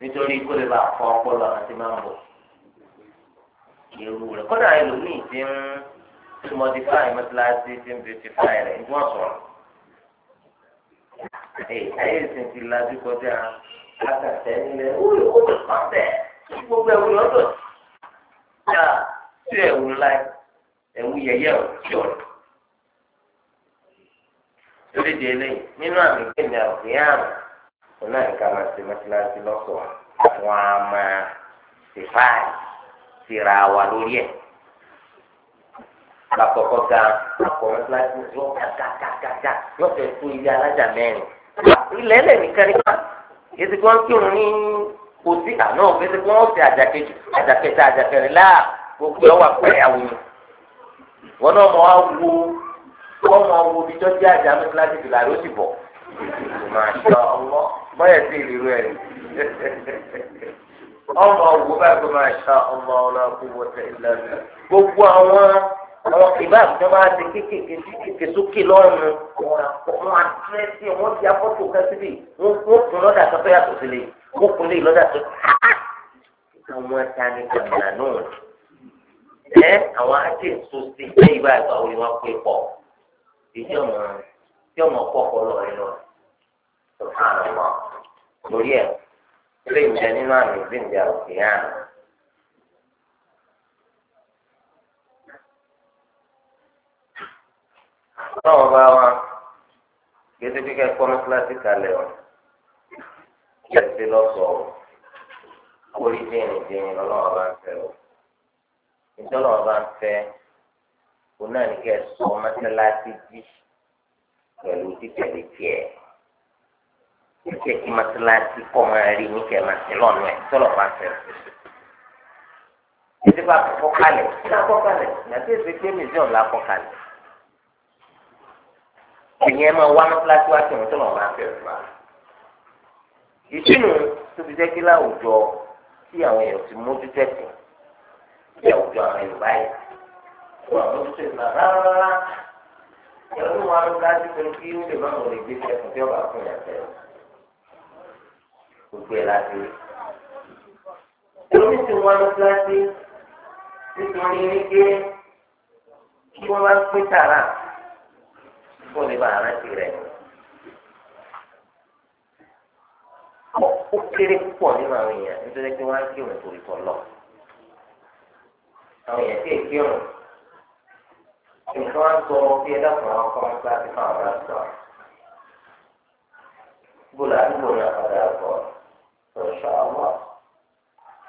nítorí kó lè bá fọ ọpọlọ àti máa ń bọ irú rẹ̀ kódà ẹlòmíì ti ń ti modify mọ́tíláṣí ti ń beautify rẹ̀ ní wọ́n sọ̀rọ̀ ayé ìsìn ti lajú kọjá àtàtẹ nílẹ̀ ó lè kó lè pàṣẹ gbogbo ẹ̀wù lọ́dọ̀ tí a tí ẹ̀wù ńlá ẹ̀wù yẹyẹ ò tí ọ̀rọ̀ torí di eléyìí nínú àmì kéde àwòrán òun náà nǹkan máa ṣe mọ́tíláṣí lọ́sọ̀ọ́ àwọn a máa ṣèfáàyè síra wa lórí ẹ̀ lakọkọ ga akọ mọ́tíláṣí yọ gàgàgàgà yọ fẹ́ tó ilé alájà mẹ́rin ilẹ̀ ẹlẹ́ nìkan nípa èsì kan kírun ní kò sí àná òfésì kan ọ̀sẹ̀ àjàkejì àjàkẹta àjàkẹrìnlá gbogbo ẹ̀ wà pẹ̀lú àwọn yìí wọn náà mọ̀ á wọ́n máa wo ibi tó jẹ́ àjà mi láti fìlà ló ti bọ̀. Màá sọ ọmọ bọ́yẹ̀ sí ìrírú ẹ̀ ọmọ òwò báyìí pé máa sọ ọmọ ọlọ́kùn wọ́tẹ̀ ìlànà. Gbogbo àwọn àwọn ìbá àtijọ́ máa ti kéékèèké kéékèèké sókè lọ́rùn wọn àdírẹ́sì wọn ti afọ́tò kan síbi wọn kún lọ́dà tó fẹ́ yàtọ̀ sílẹ̀ wọn kún lé lọ́dà tó àwọn tani kàmìlà náà ẹ àwọn àti èso sí ẹ̀yìn báyìí báwo ni wọ́n pè pọ̀ ìjọ mọ tí ọmọ kọ ọpọlọ rẹ lọ sọfàn ọmọ lórí ẹ ilé ìjẹ nínú àmì ìgbìndà òkè àná. táwọn bá wa gbèsè kíkẹ́ kọ́ mọ́sálásí kalẹ̀ o yẹ ti lọ sọ o kórìí dín ní dín ní lọ́wọ́ bá ń fẹ́ o ìjọ bá ń fẹ́ òun náà ní kẹ́ ẹ sọ mọ́sálásí jí pẹ̀lú títẹ̀lé tiẹ̀ kíkẹ́ kí mọ́sálásí kọ́ máa rí ní kẹ́ máa ti lọ́nu ẹ̀ tọ́lọ̀ bá fẹ́. ètò bá kọ́ kalẹ̀ kí ló kọ́ èsì pé mìíràn la kọ́ kalẹ̀. ìyẹn máa wá mọ́sálásí wá sí wọn tọ́lọ̀ bá fẹ́ fà. ìdínú tó fi jẹ́ kí láwùjọ tí àwọn èèyàn ti mójú tẹ̀sìn tí àwùjọ àwọn Yorùbá yìí wà ló ṣe nà rárá ẹ̀rọ tó wà ló dájú pé kí ó lè má wọlé gbé sẹ́kùn tí ọba fún yàtọ̀ ẹ̀ gbogbo ẹ̀ láti rí. Èmi ti wá lọ síláṣí nítorí wípé kí wọ́n bá ń pín tààrà kó lè bá rántí rẹ̀. ó kéré púpọ̀ nínú àwọn èèyàn nítorí pé wọ́n á kírun torí tọ̀ lọ. àwọn èèyàn sì kírun nǹkan wá ń sọ ọmọ bí ẹ̀dá kan àwọn kọ́mọ́ sí láti máa wá sọ. Bùlá àdúgbò náà padà bọ̀ lọ́sọ̀ àwọ̀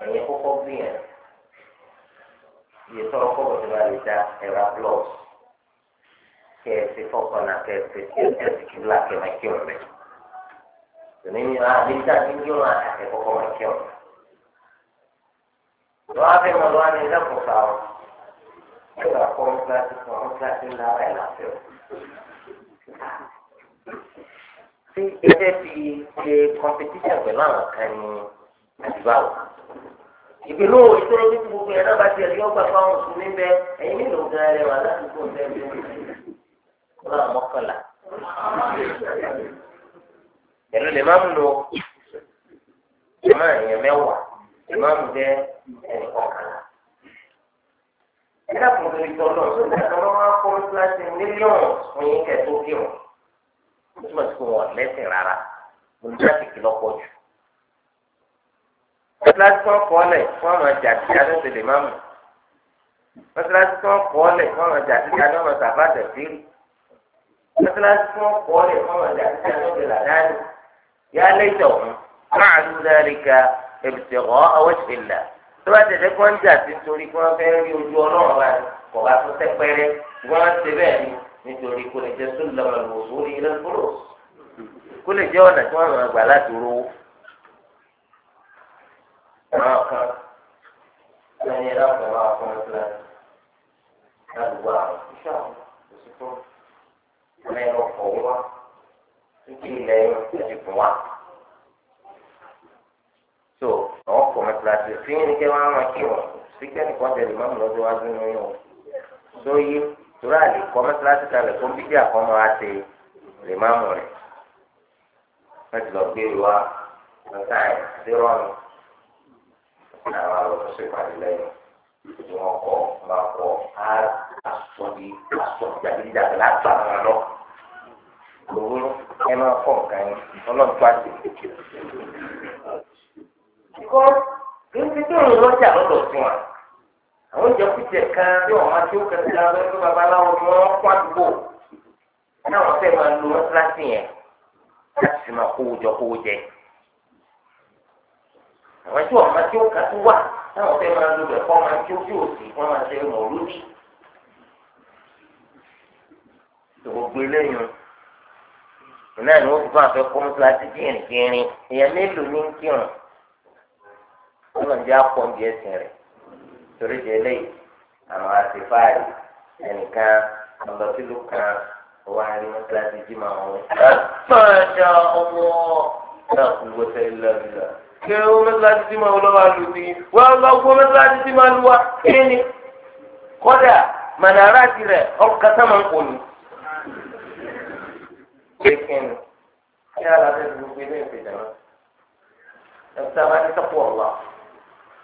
ẹ̀yẹ kọ́kọ́ gbìyànjú. Iye tọ́rọ kọ́ bọ̀dé bá lè dá ẹ̀rá blọ́ọ̀sì. Kẹ̀sì fọ́kànlá kẹ̀sì kẹ̀sì kìlá kẹ̀mẹ́ kí ọ̀rẹ́. Tòní ní ra àdéjà ní ní ọ̀rọ̀ àtàkẹ́ kọ́kọ́ kí ọ̀rẹ́. Lọ́wọ́ ẹ̀rọ akọ mọ́sálásí fún àwọn mọ́sálásí ńlá ara ẹ̀ láfẹ́ o. Ṣé ẹgbẹ́ fi ṣe kọ́mpitíṣàn pẹ̀lú àwọn kan ní àdìbáwò? ìgbìmọ̀ ìṣòro ní ti gbogbo ẹ̀rọ bá ti ẹ̀rí ọgbà fáwọn oṣù níbẹ̀ ẹ̀yìn nílò gan ẹ̀rẹ̀ wà ládùúgbò bẹ́ẹ̀ wọ́n náà mọ́kànlá. ẹ̀rọ lè má mú lọ ẹ̀mọ́ ẹ̀yẹ mẹ́wàá ẹ̀mọ́ mú jẹ́ ẹ̀rẹ̀ kọ̀ọ̀kan. ẹ̀dá kan tó lè tọ́lọ̀ sódà kan wọ́n máa kọ́ láti mílíọ̀nù fún yín kẹ́tó kí wọn. ó túmọ̀ sí pé wọn lẹ́sìn rárá mo ní láti kí lọ́pọ̀ jù. mọ́tíláṣí tó ń kọ́ lẹ̀ fún àwọn ọjà tí a lọ́sẹ̀ lè má mú. mọ́tíláṣí tó ń kọ́ lẹ̀ fún àwọn ọjà tí a lọ́mọ sàbá tẹ̀síìrì. mọ́tíláṣí tó ń kọ́ lẹ̀ fún àwọn ọjà tí a lọ́sẹ̀ làdáni. yálé ìjọ̀ tó bá tẹ̀lé kí wọ́n jà sí nítorí kí wọ́n fẹ́ rí ojú ọlọ́run bá kọ̀ bá tó tẹ́pẹ́rẹ́ wọ́n á ṣe bẹ́ẹ̀ ni nítorí kó lè jẹ́ sólùlọ́mọ lò sórí ilé kúrò kó lè jẹ́ ọ̀nà tí wọ́n máa gbà láti rówó. àwọn kan lẹ́yìn láwùjọ máa fún ẹ sílẹ̀ ládùúgbò àwọn iṣẹ́ àwọn òṣìṣẹ́ ọ̀nà ẹ̀rọ kọ̀ wá nítorí ilẹ̀ ẹ̀rọ ẹ̀jẹ̀ fún wa so àwọn kọ̀ mẹ́tìláṣí fi ń kẹ́ wọ́n á máa kí wọn síkẹ́ni kan tẹ̀lé mọ́mú lọ́jọ́ wájú ní wọn. sóyí tura lè kọ́ mẹ́tìláṣí kalẹ̀ fún bíbí àkọ́mọ́ á ti lè má mú rẹ̀. mẹ́tì lọ gbé wa nǹkan ti rọ́ọ̀nù àwọn àlọ́tún ṣe pàdé lẹ́yìn tí wọ́n kọ́ máa kọ́ á asọ̀dí asọ̀dí àbídíjà látà wọn lọ. lòun ẹ máa fọ̀ nǹkan yẹn ọlọ́run tó àṣẹ. kíkọ́ kí n ti tó òun lọ́jà lọ́dọ̀ fún wa àwọn ìjẹkújẹ kan bí wọn máa tó kẹsì lábẹ́ tó babaláwo ni wọ́n àdúgbò náà wọ́n fẹ́ máa jọ kówó jẹ àwọn tí máa tó kẹsì wà náà wọ́n fẹ́ máa lo máa tó òsì wọ́n máa mọ̀ náà ni wọ́n fi fún ọlọ́njẹ́ àpọ̀nbi ẹ̀sìn rẹ̀ torí di eléyìí àwọn àtìfáàrí ẹnìkan ọlọ́sílù kan wà ní mọ́tíláṣí jí máa wọ́n. máṣá ọmọ náà kú wọ́sẹ̀ ìlànà. kí ló mọ́tíláṣí jí máa wọ́n lọ́wọ́ àlùbí wọ́n lọ gbọ́ mọ́tíláṣí jí máa lùwà kí ni kọ́dà mànàrà tirẹ̀ ọkọ̀ sáma ń kò ní. kékeré kí alábẹ́ gbogbo ilé ìpèjà náà ẹ̀ sábà ní sọ́pọ̀ ọ̀la.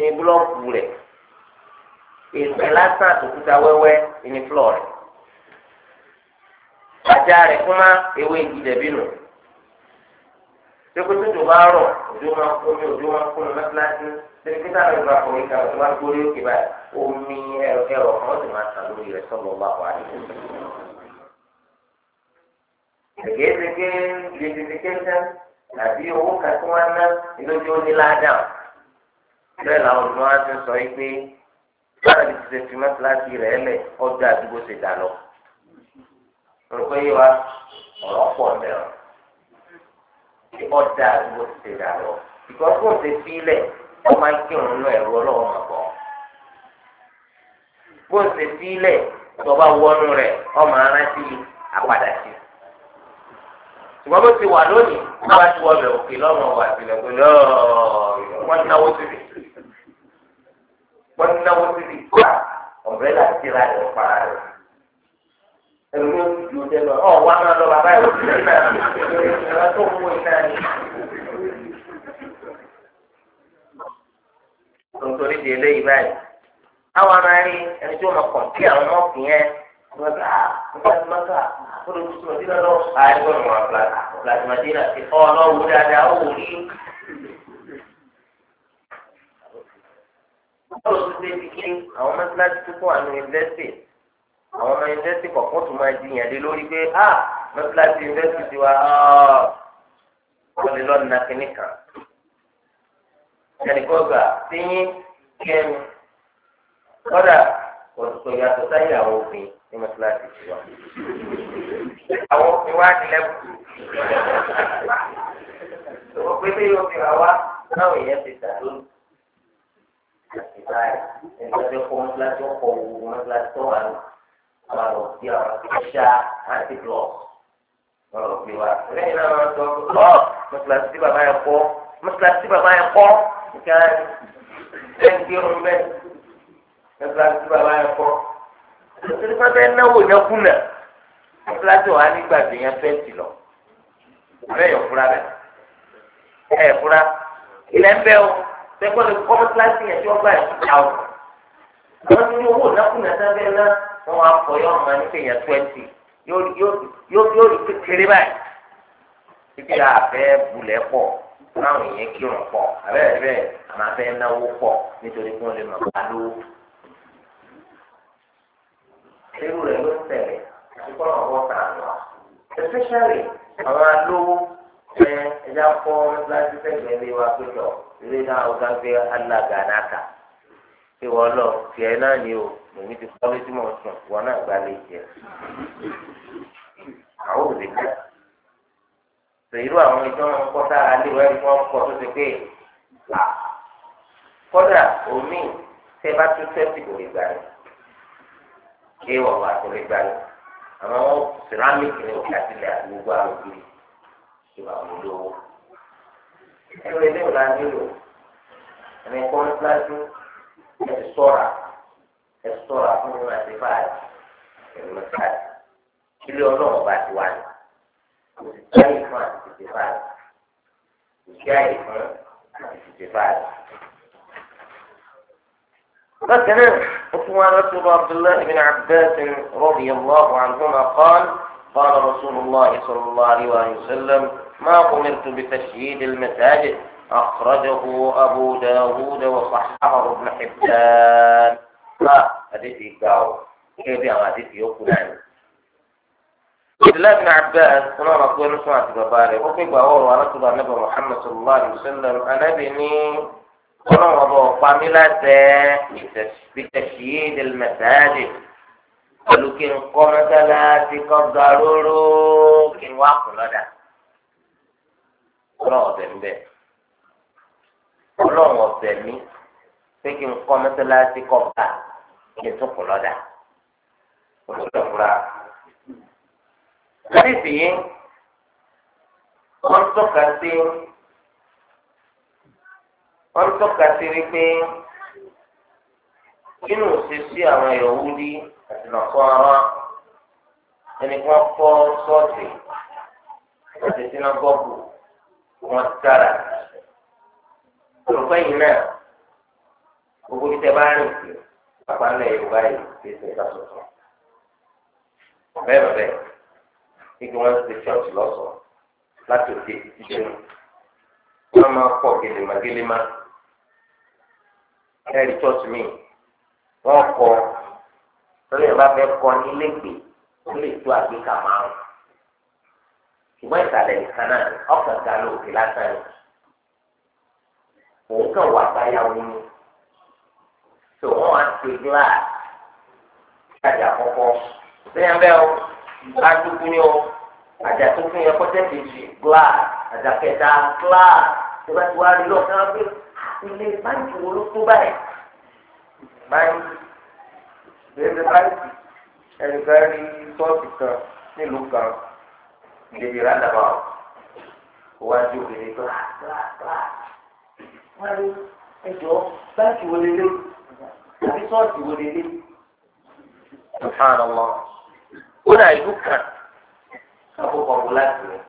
ní búlọ́ọ̀kù rẹ̀ ìpè lásán àtòkúta wẹ́wẹ́ ní flọ́ọ̀ rẹ̀ ajá rẹ̀ kún má ewé ìdẹ̀bí nù tẹkutu tó bá rọ̀ ojú máa ń kún mi ojú máa ń kún mi mẹ́tíláṣí tẹkítà rẹ̀ gba àwọn ìka tó bá gbórí òkè báyìí omi ẹ̀rọ kan ó sì máa tà lórí rẹ̀ sọ́lọ́ bá wà ní ìgbésẹ̀ kékeré tàbí owó kan tí wọ́n ná ìlójú ó ní ládàá bẹ́ẹ̀ làwọn olùmọ̀ á ti sọ yìí pé báyìí ti ṣe fi mọ́tíláṣí rẹ̀ lẹ̀ ọjà àdúgbò ṣe dà lọ. olùkọ́ yìí wa ọ̀rọ̀ pọ̀ mẹ́rọ̀ tí ọjà àdúgbò ti ṣe dà lọ. ìkọ́kọ́ ṣe fílẹ̀ wọ́n máa ń kírun nú ẹ̀rọ ọlọ́run àbọ̀. bó ṣe fílẹ̀ tọba wọnú rẹ̀ ọmọ aráńtí àpàdà sí i ṣùgbọ́n bó ti wà lónìí wọ́n bá ti wọ wọ́n náwó síbi gbà ọ̀rẹ́ là ti ra ẹ̀ para rẹ̀. ẹ̀rù yóò ti dùn dẹ́nu ọ̀ wá máa lọ bàbá ìwé sílẹ̀ náà ìrora tó mú iná ni. nítorí di eléyìí báyìí àwọn ará rí ẹni tí wọ́n máa kàn kí àwọn ọkùnrin yẹn wọ́n gbà á nígbà tí wọ́n gbà á kó lóṣù tó ti lọ́dọ̀ àìgbọ́n wọn àgbà àgbà àti màdínà ti fọ́ ọ lọ́wọ́ dáadáa ó wò rí. bọ́ọ̀lù tó ṣe ti kí àwọn mọ́sálásí tó kọ́ àwọn yunifásitì àwọn ọmọ yunifásitì kọ̀ọ̀kan tó máa di ìyàdé lórí pé a ah, mọ́sálásí yunifásitì ti wá ah, wọlé lọ́nà kínní kan ẹnìkan gbà sí yín kí ẹnu kọ́dà kò yàtọ̀ sáyé àwọn òfin ní mọ́sálásí ti wá àwọn òfin wá di lẹ́kùn òfin tí yóò fi hàn wá náà èèyàn ti dà lónìí àti báyìí ẹnìkan kó mọ́tíláṣí ọkọ̀ òwò mọ́tíláṣí tó wà ní àwọn ọ̀rọ̀ sí àwọn ẹ̀ṣá àti blọọ̀ ọ̀rọ̀ bí wa lẹ́yìn náà wọ́n sọ ọ́ mọ́tíláṣí tí bàbá yẹn kọ́ mọ́tíláṣí tí bàbá yẹn kọ́ nǹkan ẹ̀ ń gbé irun bẹ́ẹ̀ mọ́tíláṣí tí bàbá yẹn sẹ́gbọ́n ní kọ́mọ́ kíláàsì yẹn tí wọ́n gbà yẹn tó ta o. àwọn tí ní owó nákúnà sábẹ́ ná wọ́n wá pọ̀ yọ̀ ọ̀ma ní kéèyàn twenty yóò rí kékeré báyìí. títí àfẹ́ bulẹ̀ pọ̀ láwọn èèyàn kírun pọ̀ àbẹ́rẹ́ bẹ́ẹ̀ àmọ́ àfẹ́ náwó pọ̀ nítorí kí wọ́n lè mọ̀ bá lówó. irú rẹ̀ ló ń tẹ̀lé àtikọ́ ọ̀wọ́ sàánù especially àwọn alówó ẹ̀ ẹ̀dá kọ́ láti fẹ́ ilé náà ọ̀gá gbé alága náà ìwọ lọ tiẹ̀ náà ni o èmi ti kọ́ létí mọ̀ sùn wọn náà gba lè jẹ àwọn òbí kọ́ sèyírú àwọn ìjọ wọn kọ́ sára lé wọ́n ẹni wọ́n kọ́ tó ti pé à kọ́dà omi tẹ bá tún sẹ́ẹ̀tì kò lè gbà rẹ̀ ṣé wọ́n wà kò lè gbà rẹ̀ àmọ́ sẹ̀rámìkì ni òkè àti ilẹ̀ àti gbogbo àwọn òbí ìwà òun irú ilé ìlà nílò ẹ̀mí kọ́ ń ṣáájú ẹ̀ sọ́ra ẹ̀ sọ́ra fún mi àti fáàlì ẹ̀mí fáàlì ilé ọlọ́run bá ti wá ní kò sì jáì fún àti tètè kò fún àti tètè لكن رسول عبد الله بن عباس رضي الله عنهما قال قال رسول الله صلى الله عليه وسلم ما أمرت بتشييد المساجد أخرجه أبو داود وصححه ابن حبان هذه الدعوة كيف يعني حديث عبد الله بن عباس كما نقول نسمع تباري وفي بأور ورسول النبي محمد صلى الله عليه وسلم أنا بني كما وضع فاملة بتشييد المساجد قالوا كن قمت لا تقدروا كن واقف لنا ọlọ́run ọ̀sẹ̀ ń bẹ̀. ọlọ́run ọ̀sẹ̀ mi pé kí n kọ́ mẹ́tẹ́láṣí kọ́ bá kí n tún kù lọ́dà. olùdókòwò fúra. láìsí yìí wọ́n tọ́ka sí wọ́n tọ́ka sí wípé nínú òṣèṣì àwọn Yahudi àti Nasara ẹni wọ́n kọ́ sọ́ọ̀tì àti sinagogu wọn sára olùkọ́ yìí náà gbogbo bí tẹ bá rìn sí bàbá ńlẹ̀ yorùbá yìí ti sè é sàtúntò bẹ́ẹ̀ bẹ́ẹ̀ kíkí wọ́n ti ṣọ́ọ̀ṣì lọ́sọ̀ọ́ láti òde títí wọ́n máa pọ̀ gèlèmágélèmá ẹ̀rí ṣọ́ọ̀ṣì mi wọ́n kọ́ lórí ẹ̀ bá fẹ́ kọ́ nílé gbè ó lè tó àgbékà márùn-ún ṣùgbọ́n ìsàlẹ̀ nìkan náà ọkàn ga lóòkè lásán ni òun kàn wà báyàwó ni tó wọn á ti gíláàsì ìtajà àkọ́kọ́ lẹ́yìn bẹ́ẹ̀ o adúgbò ni o àjà tó fún yẹn kọ́tẹ́ kejì gíláàsì àjà kẹta gíláàsì tó bá ti wá rí lọ́kàn ah, ilé báńkì wo ló tó báyìí báńkì lè ṣe báńkì ẹnìkan rí sọ́ọ̀tì kan nílùú kan níbi rádàbà ọ̀ wájú obìnrin tó wọ́n rí ẹjọ́ báńkì wo lélẹ́ àbí sọ́ọ̀tì wo lélẹ́. subhanallah ó dà ìlú kan àkókò ọ̀gbọ́n láti rẹ̀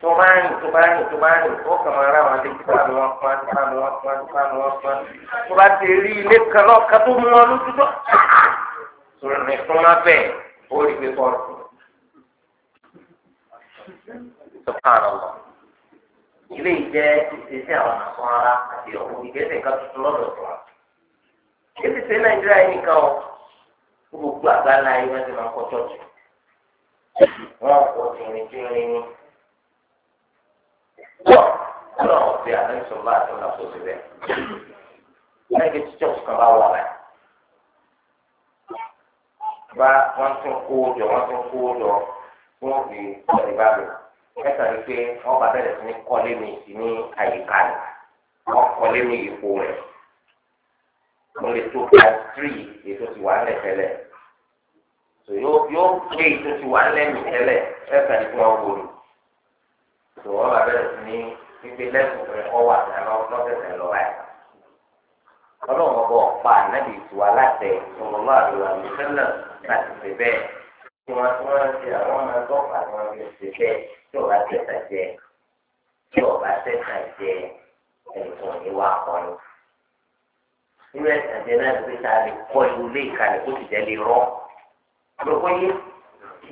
tó bá ń tó bá ń tó bá ń tó kàn máa ra wọn létí pàmò wọn pàmò pàmò wọn pàmò pàmò wọn pàmò tó bá ti rí ilé kan náà ká tó mú wọn lójú tó. sọ̀rọ̀ nìkan má bẹ́ẹ̀ ó rí pé kọ́ọ̀tù. subhanallah ilé ìjẹ́ ìṣesí àwọn àkọ́nra àti ọ̀hún ìgbésẹ̀ kan tuntun lọ́dọ̀ tó wa. èsì ṣe nàìjíríà yìí nìkan o gbogbo àgbáńlá yìí wọ́n ti máa kọ́ ṣọ́ọ̀ṣì wọ́n kọ́ tìrìntìrìn ni. wọ́n kúrò ọ̀sẹ̀ àdánsọ̀lá àti ọ̀làpọ̀ síbẹ̀. lẹ́yìn tí ṣọ́ọ̀ṣì kan bá wà láì. bá wọ́n tún kó jọ wọ́n tún kó jọ fún òbí ọ̀rẹ́ ẹ̀ka ni pé wọ́n bá bẹ̀rẹ̀ sí ní kọ́lé mi sí ní àyíká rẹ̀ wọ́n kọ́lé mi ipò rẹ̀ mo lè tó ka tírì ètò ti wà lẹ̀ tẹ́lẹ̀ tò yóò yóò gbé ètò ti wà lẹ̀ mi tẹ́lẹ̀ ẹ̀ka ni pé wọ́n wò lù tò wọ́n bá bẹ̀rẹ̀ sí ní pípé lẹ́kùn rẹ̀ kọ́ wà ní lọ́sẹ̀sẹ̀ lọ́wọ́ ẹ̀ ọba ọ̀pá ànábì ìtura láti ọlọ́run àdúrà mùsẹ́lẹ̀ láti ṣe bẹ́ẹ̀ tí wọ́n ti wọ́n ti àwọn ọmọ ẹgbẹ́ ọ̀pá ni wọ́n fi ṣe bẹ́ẹ̀ tí ọba tẹ̀sà jẹ tí ọba tẹ̀sà jẹ ẹnìkan ní wà kọ́ni. nínú ẹ̀sà jẹ náà ló ta lè kọ́ irú ilé ìkàlẹ̀ kó ti jẹ́ lè rọ́. lọ́kọ́ yé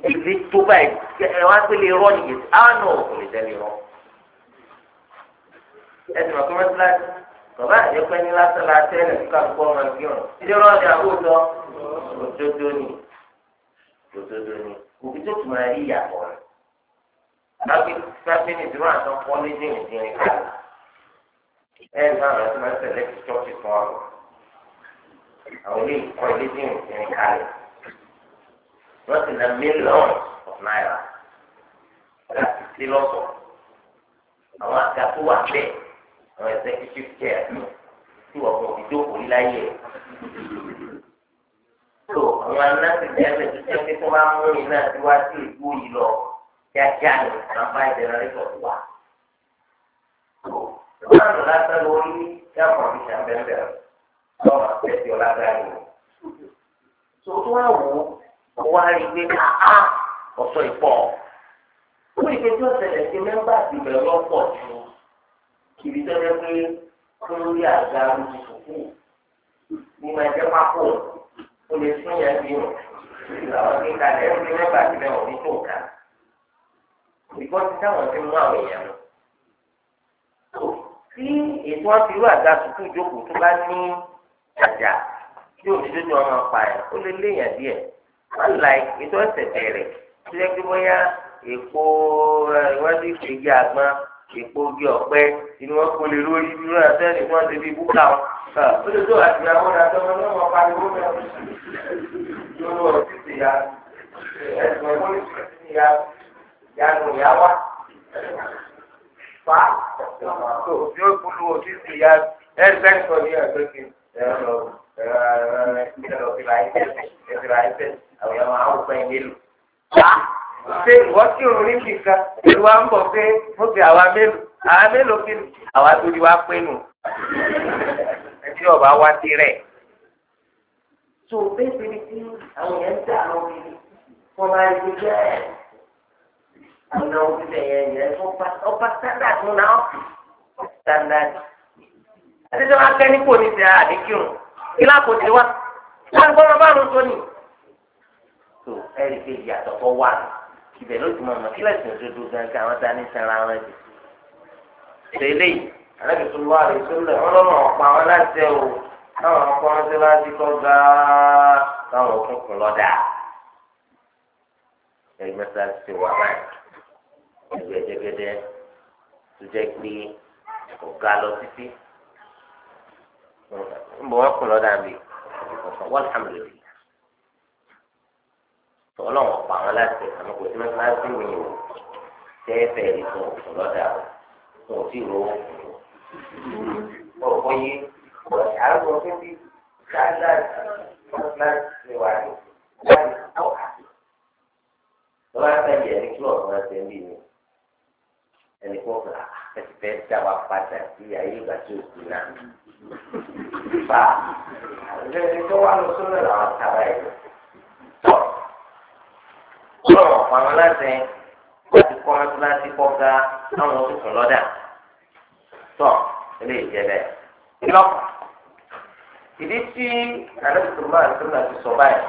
ìdílé tó báyìí ẹ wá pé lè rọ́ nìyẹn ah, àánú kò lè jẹ́ lè rọ́. ẹ̀sìn ọ̀tún mẹ́tíláṣí bàbá àjẹpẹ́ ní lásán la tẹ́lẹ̀ kíkà gbọ́ ọmọ ẹgbẹ́ ọ̀rọ̀. ìdí rọ́ ni àbúrò òdodo ni òdodo ni òbí tó tún máa rí ìyàtọ̀ rẹ̀ sábìnì tí wọn àtọ kọ ní dìrìndìrìn kan ẹ ní àwọn ẹtí máa ń tẹlẹ ti tọ́jú fún ọ àwọn ilé ìkọ́ ilé dìrìndìrìn kan wọn ti na mílíọ̀nù of náírà láti sí lọ́sọ̀ àwọn àga tó wà bẹ́ẹ̀ àwọn executive chair tí wọ́n kò fi dókòó láyé tó àwọn aláṣẹ jẹ́ ẹgbẹ́ tó jẹ́ pé tó bá mú iná tí wá sí ìlú yìí lọ kíákíá ní àǹfà ìdẹ̀rẹ́tọ̀ wà. Ìgbà tó lásán lórí yá kọ̀m̀pútà bẹ́ẹ̀ lọ́mọ tẹ̀sí ọ̀làdá yìí. Sòtú wá wò ó wá rí pé àá ọ̀sọ̀ ìpọ̀. Fún ìkejì ọ̀sẹ̀lẹ̀ sí mẹ́mbà pé kí lórí àga lójú sùkú ní máa jẹ́ pápó o lè fún yẹn bí o. Àwọn akéka ẹ̀ ń bí mẹ́mbà ti bẹ̀rẹ̀ òní tó kàn ìbọn ti táwọn ti mú àwọn èèyàn lọ. tí ètò wọn fi àga tutù ìjókòó tó bá ní àjà tí òdodo ni wọn máa pa ẹ ó lè léèyàn díẹ̀ wọn là ètò ẹsẹ̀ bẹ̀rẹ̀ tó yẹ kí wọn yá èpo ìwádìí ìgbégi àgbọn èpo ogi ọ̀pẹ inú wọn kò lè lórí inú rẹ sẹ́ni wọn ti fi búkà wọn. Ah, ó lè tó àti àwọn ọ̀dọ́ ọmọ náà wọn pariwo náà yóò lọ sí ìyá ẹ̀sùn ẹ̀kọ́ lè fi sí ìyanu ìyá wa fa yóò gbúdú ojú sí ìyá ẹ ní ẹgbẹ́ kí wọ́n kí òun nìkan ìlú wa ń bọ̀ pé mo fi àwa mélòó àwa mélòó kí ni àwa tó di wa pé nù ẹtí ọba wa ti rẹ̀. tó bẹ́ẹ̀ ti àwọn yẹn ń dà lórí kọ́ máa ń gbé bẹ́ẹ̀. ọ̀nà òfìfẹ́ yẹn yẹn tó pa ọba standard mu náà standard. àtẹ̀sẹ̀ wa kẹ́ nípò ní ti àdékìrùn kí lápò ti wá wọ́n gbọ́ ọmọ báwọn tó nì. tó ẹ̀rí pé ìyàtọ̀ tó wà ibẹ̀ ló ti mọ̀ ọ̀nà kílẹ̀ tó dodo gan kí àwọn dání sanra wọn jù. tẹ́lẹ̀ alábi tó lọ́wọ́ àrẹ tó lẹ̀ wọ́n lọ́nà ọ̀pá wọn láti ẹ̀ o táwọn lọ́dà. ẹ̀rí ti wà báyìí ẹgbẹ́ jẹ́gẹ́dẹ́ tó jẹ́ pé kò ga lọ títí ń bọ̀ wọ́n kún lọ́dà mi wọ́n hàmìlì tọ́lọ́wọ́n pa wọn láti àmọ́ kò sí mẹ́ta sí mi o tẹ́ẹ̀fẹ́ yìí tó kún lọ́dà o kò sí ro ọ̀pọ̀ yìí kò sí àrùn ọ̀fẹ́ bí dáadáa ọ̀gá ti wà ní láti ọ̀hà. lọ́wọ́ àtàyè ẹni kí ọ̀gá ti ń bí mi ẹnì kan kà ẹsì fẹ́ dá wa padà sí ayé ìgbà tí o sì náà bá ẹni tó wà lọ sórí làwọn sábà yìí tọ́ kúrò àwọn aláṣẹ láti kọ́ ọ́n láti kọ́ ga àwọn oṣù lọ́dà tọ́ ilé ìjẹ́bẹ̀ ìlọ́pàá ìdí tí àlẹ́sùnmọ́ àtúnà ti sọ báyìí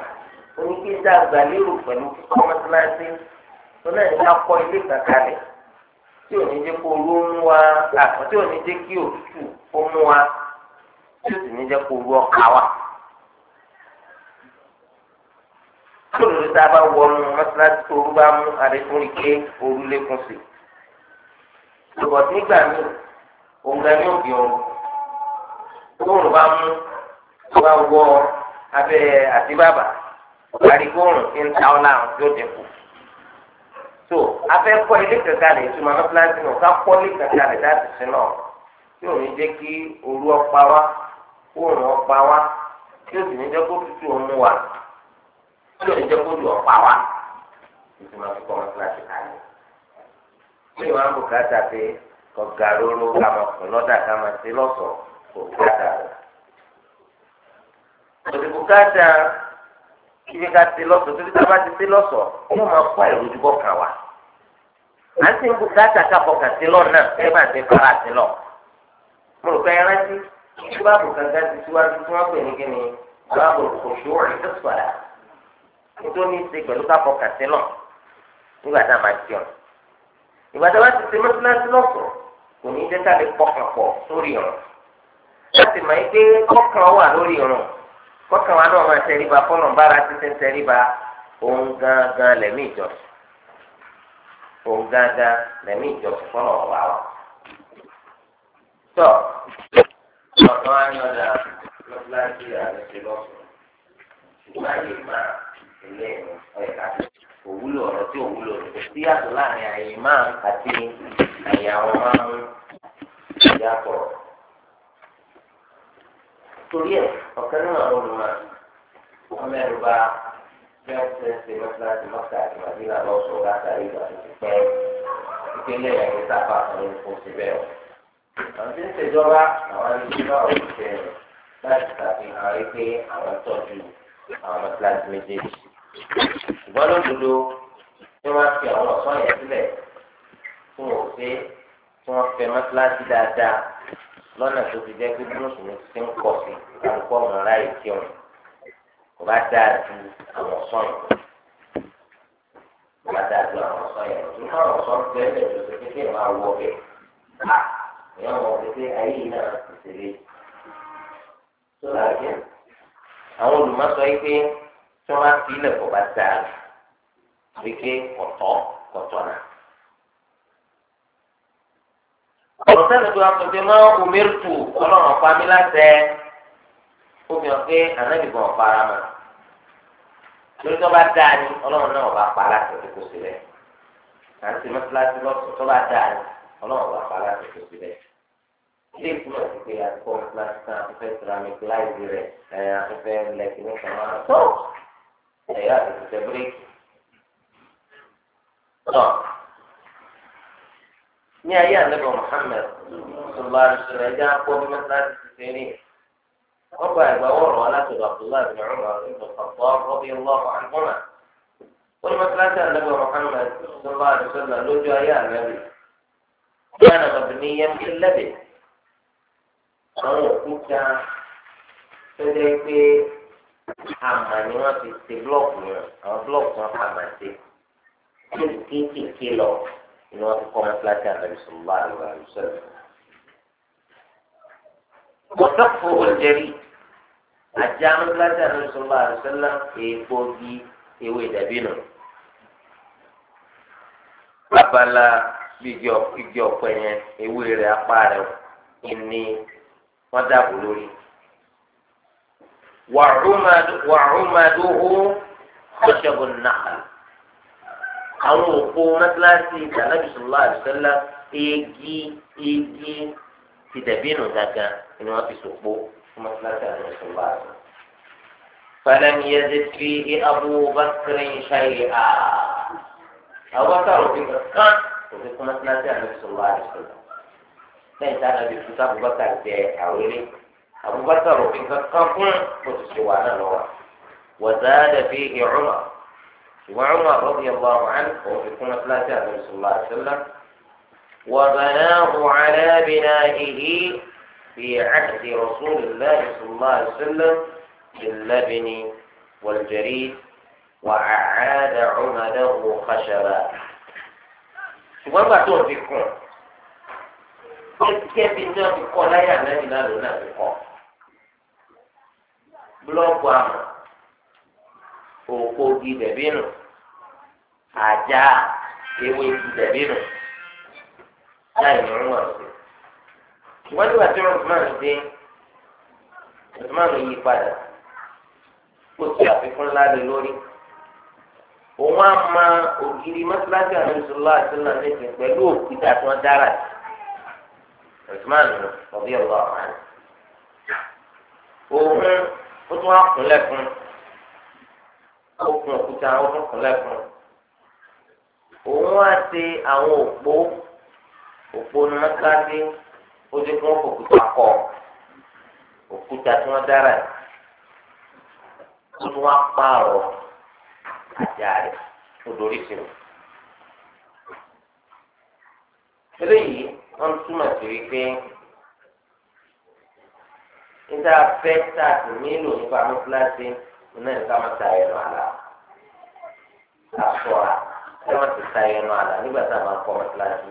oníkíjà gbàlérò pẹ̀lú kọ́mọ́tìláṣí tó náà ń dákọ́ ilé kankanlẹ̀ tí ò ní kó orú mú wa àti tí ò ní jẹ́ kí òtútù ó mú wa tí ò sì ní jẹ́ kó orú ọkà wa. lóòrè tá a bá wọnú mọ́sálásí tó orú bá mú àdékùnrin ké orú lékún sí. lọ́bọ̀ nígbà míì òǹgà ní òbí ọ̀run tóòrùn bá mú tó bá wọ abẹ́ àti bàbà àdìgbòrùn ń ta ọ́ láàrún yóò dẹ̀kù so afẹ́ kọ́ ilé kẹta lè túmọ̀ ní pílánì náà ká kọ́ ilé kẹta lè dáàbò sí náà tí ò ní jẹ́ kí òru ọ̀pá wa kó òrùn ọ̀pá wa tí ó sì ní jẹ́ kó tutù òun wa tí ò ní jẹ́ kó lù ọ̀pá wa ìtumọ̀ fi kọ́ ọmọ kíláàsì kalẹ̀. ní ìwà ń bùkátà pé kọ̀gà lóró ká máa kùn lọ́dà ká máa ṣe lọ́sọ̀ọ́ kò bùkátà rẹ̀. òdìbùkátà rẹ̀ ibi ká ti lọ́sọ̀ tóbi tá a bá ti ti lọ́sọ̀ yóò máa kó àìrójúbọ̀ kàn wá. à ń ti ń bu káàtà kápọ̀ kà sí lọ́ọ̀ náà ẹ bá ti fara sí lọ. mo rò pé ẹ rántí tí báàbò kankan ti síwájú tí wọ́n pè ní kíni báàbò kò sí òrì tó sọ̀rọ̀ tó ní í ṣe pẹ̀lú kápọ̀ kà sí lọ nígbà tá a máa jẹun. ìgbà tá a bá ti ti mọ́tíláṣí lọ́sọ̀ kò ní jẹ́ ká lè pọkàn pọ̀ lórí ọ̀rọ̀ láti mọ̀ kọ́kàn wa náà máa tẹríba fọ́nà bára títí ń tẹríba òun gangan lẹ́mí ìjọsìn òun gangan lẹ́mí ìjọsìn fọ́nà ọ̀wá wa. tọ́ ọ̀tọ́ ayọ̀dà lọ́síláṣí àrẹ̀sẹ̀ lọ́sùn ìgbà yìí máa ilé ìrìn ọ̀yẹ̀ká òwúlò ọ̀rọ̀ tí òwúlò rẹ̀ kò sí yàtọ̀ láàrin àyè máa àti àyè àwọn máa ń yàtọ̀ torí ẹ̀ ọ̀kan náà ló lù wọn wọn mẹ́rin bá bẹ́ẹ̀ ṣe ṣe mọ́tíláṣí mọ́tíláṣí àti màdínà lọ́sọ̀ọ́ látàrí ìgbà tó ti pẹ́ ìpínlẹ̀ ẹ̀rí sábà kan ló kó sí bẹ́ẹ̀ o. àwọn tí ń ṣèjọba àwọn ìjọba òṣìṣẹ́ láti ṣàfihàn rí pé àwọn tọ́jú àwọn mọ́tíláṣí méjèèjì. ṣùgbọ́n lódodo tí wọ́n fi àwọn ọ̀sán yẹn sílẹ̀ fún òfin tí wọ́n fẹ́ mọ́tíláṣí dáadáa lọ́nà tó ti jẹ́ pé bí mùsùlùmí ti ń pọ̀ sí àlùkò ọ̀nà ráì tí wọn kò bá dáa ju àwọn sọ́yìn kò bá dáa ju àwọn sọ́yìn tó ní àwọn sọ́yìn tó ẹ̀rẹ̀ tó ti kékeré máa wọ bẹ̀ à ìyá wọn wọ pé ayé yìí náà ti tẹ̀lé tó láàyè àwọn olùmọ̀sọ yìí pé tí wọ́n bá fi ilẹ̀ kò bá dáa wípé kọ̀tọ́ kọ̀tọ́ náà ọ̀rọ̀ sẹ́ni tó yàtọ̀ pé máa ń omirtu ọlọ́run ọ̀pá mi láṣẹ omi ọ̀pẹ ànábìbọn ọ̀pá ara mọ̀ torí tó bá dáa ni ọlọ́run náà ọba pa láṣẹ tó kó sílẹ̀ à ń ṣe mọ́tíláṣí lọ́sọ̀ tó bá dáa ni ọlọ́run ọba pa láṣẹ tó sílẹ̀ ilé ìtumọ̀ sí pé àtúkọ̀ mọ́tíláṣí kan afẹ́fẹ́ ceramic láìsí rẹ̀ afẹ́fẹ́ lẹ́kì ní kan máa tó ẹ̀yà àti ní ayé ànábì Muhammad sọlá ṣẹlẹ ẹjẹ akpọ ní mẹsàlásì títí ní wọn gba ìgbà wọrọ alásòdò Abdullahi bin Umar ibn Khattab radiyallahu anhuma wọn ní mẹsàlásì ànábì Muhammad sọlá ṣẹlẹ lójú ayé ànábì yánà bàbá ní yẹn ń lẹbẹ àwọn òkúta tẹlẹ pé àmà ni wọn fi ṣe blọọkù yẹn àwọn blọọkù wọn kà máa ṣe kéékèèké lọ. ni wọ́n ti kọ́ mọ́sálásí àtàlẹ́ sọ̀rọ̀ bá àlọ́ àlọ́ sọ̀rọ̀. Gbọ́dọ̀ fún olùjẹ́rí àjà mọ́sálásí àtàlẹ́ sọ̀rọ̀ bá àlọ́ sọ̀rọ̀ Abala bí igi ọ̀pẹ yẹn ewé rẹ̀ apá rẹ̀ ni àwọn òpó mẹ́tíláṣí ìdánẹ́bí sọ̀rọ̀ àdìsọ́lá igi igi ti dẹ̀bí nù gàgà ni wọ́n fi sòpó fún mẹ́tíláṣí àdìsọ́lá sọ̀rọ̀ àdìsọ́lá. فلم يزد فيه أبو بكر شيئا أبو بكر في مكان وفي مẹ́tíláṣí àdìsọ́lá sọ̀rọ̀ àdìسọ́lá lẹ́yìn tí a nàbí fún sábùbákà jẹ àwérè àbúbákà òfin kankan fún òṣìṣẹ́ wà náà lọ́wọ́ wọ́n dáadẹ́ fi ìrùmọ̀. وعمر رضي الله عنه هو في السنة الثلاثة صلى الله عليه وسلم وبناه على بنائه في عهد رسول الله صلى الله عليه وسلم باللبن والجريد وأعاد عمده خشبا وما gbà tó ń fi kún لا يعلم لا يعلم kọ́ láyé بلوك وعمر òkò gi dẹ̀bí nù àjà ewé gi dẹ̀bí nù láì ní ọ̀rùn ọ̀sẹ̀. wọ́n nígbà tí Usman dé Usman yí padà ó ti àfikún láre lórí òun á ma ògiri mọ́tíláṣí àmísọ́lá àti nàìjíríà pẹ̀lú òkúta tí wọ́n dára Usman ọ̀bí ọ̀lọ́ àwọn òun ó tún á kúnlẹ̀ fún òkun òkúta òkun lẹ́kùn òun wá ṣe àwọn òpó òpó ní mọ́tíláṣí ó dé fún òkúta kọ òkúta tí wọ́n dára ó tún wá pààrọ̀ àjà rẹ̀ ó dorí sí mi. eléyìí wọ́n túmọ̀ sí wípé níta fẹ́ tá a sì nílò nípa mọ́tíláṣí náà ká má ta àlá. àfọ̀rà tí wọ́n ti ta ẹnu àlà nígbà tá a máa kọ́ mọ́tíláṣí.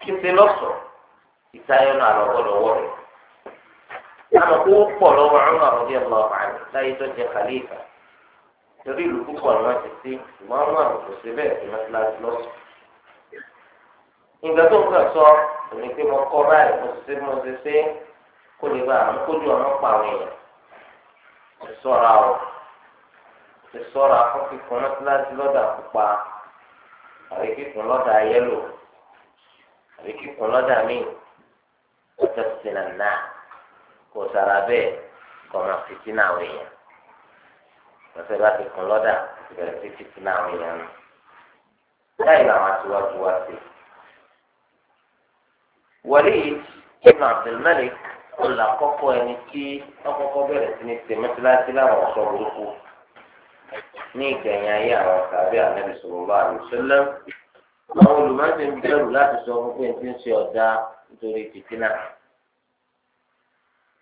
kí n lọ́sọ̀ọ́ ìta ẹnu àlọ́ rẹ̀. kó pọ̀ lọ́wọ́ àwọn ọdẹ ọmọ láyé tó jẹ kàlífà torí ìlú púpọ̀ ni wọ́n ti sí ìwọ́n mọ̀ kò sí bẹ́ẹ̀ sí mọ́tíláṣí lọ́sọ̀ọ́. ìgbà tó ń kà sọ òní pé mo kọ́ báyìí mo mo kó ti sọ́ra fún kíkún mọ́tíláṣí lọ́dà pupa àbí kíkún lọ́dà yẹ́lò àbí kíkún lọ́dà míì ọ̀tọ̀ sínà náà kò sára bẹ́ẹ̀ kọ́ máa fìtínà àwọn èèyàn lọ́sẹ̀ bá ti kún lọ́dà ìbẹ̀rẹ̀ sí fìtínà àwọn èèyàn nù. láì làwọn aṣíwájú wa sí. wọlé yìí ibn abdulmalik ọ̀là kọ́kọ́ ẹni tí ọkọ̀kọ́ bẹ̀rẹ̀ sí ní tẹ̀mẹ́tíláṣí láwọn ọ̀ṣọ́ burúkú ní ìgbẹ̀yìn ayé àwọn tàbí ànábì sallallahu alaihi wasallam àwọn olùmọ̀ọ́sẹ̀ ń bẹ̀rù láti sọ fún pé ti ń ṣe ọ̀dà nítorí fìtínà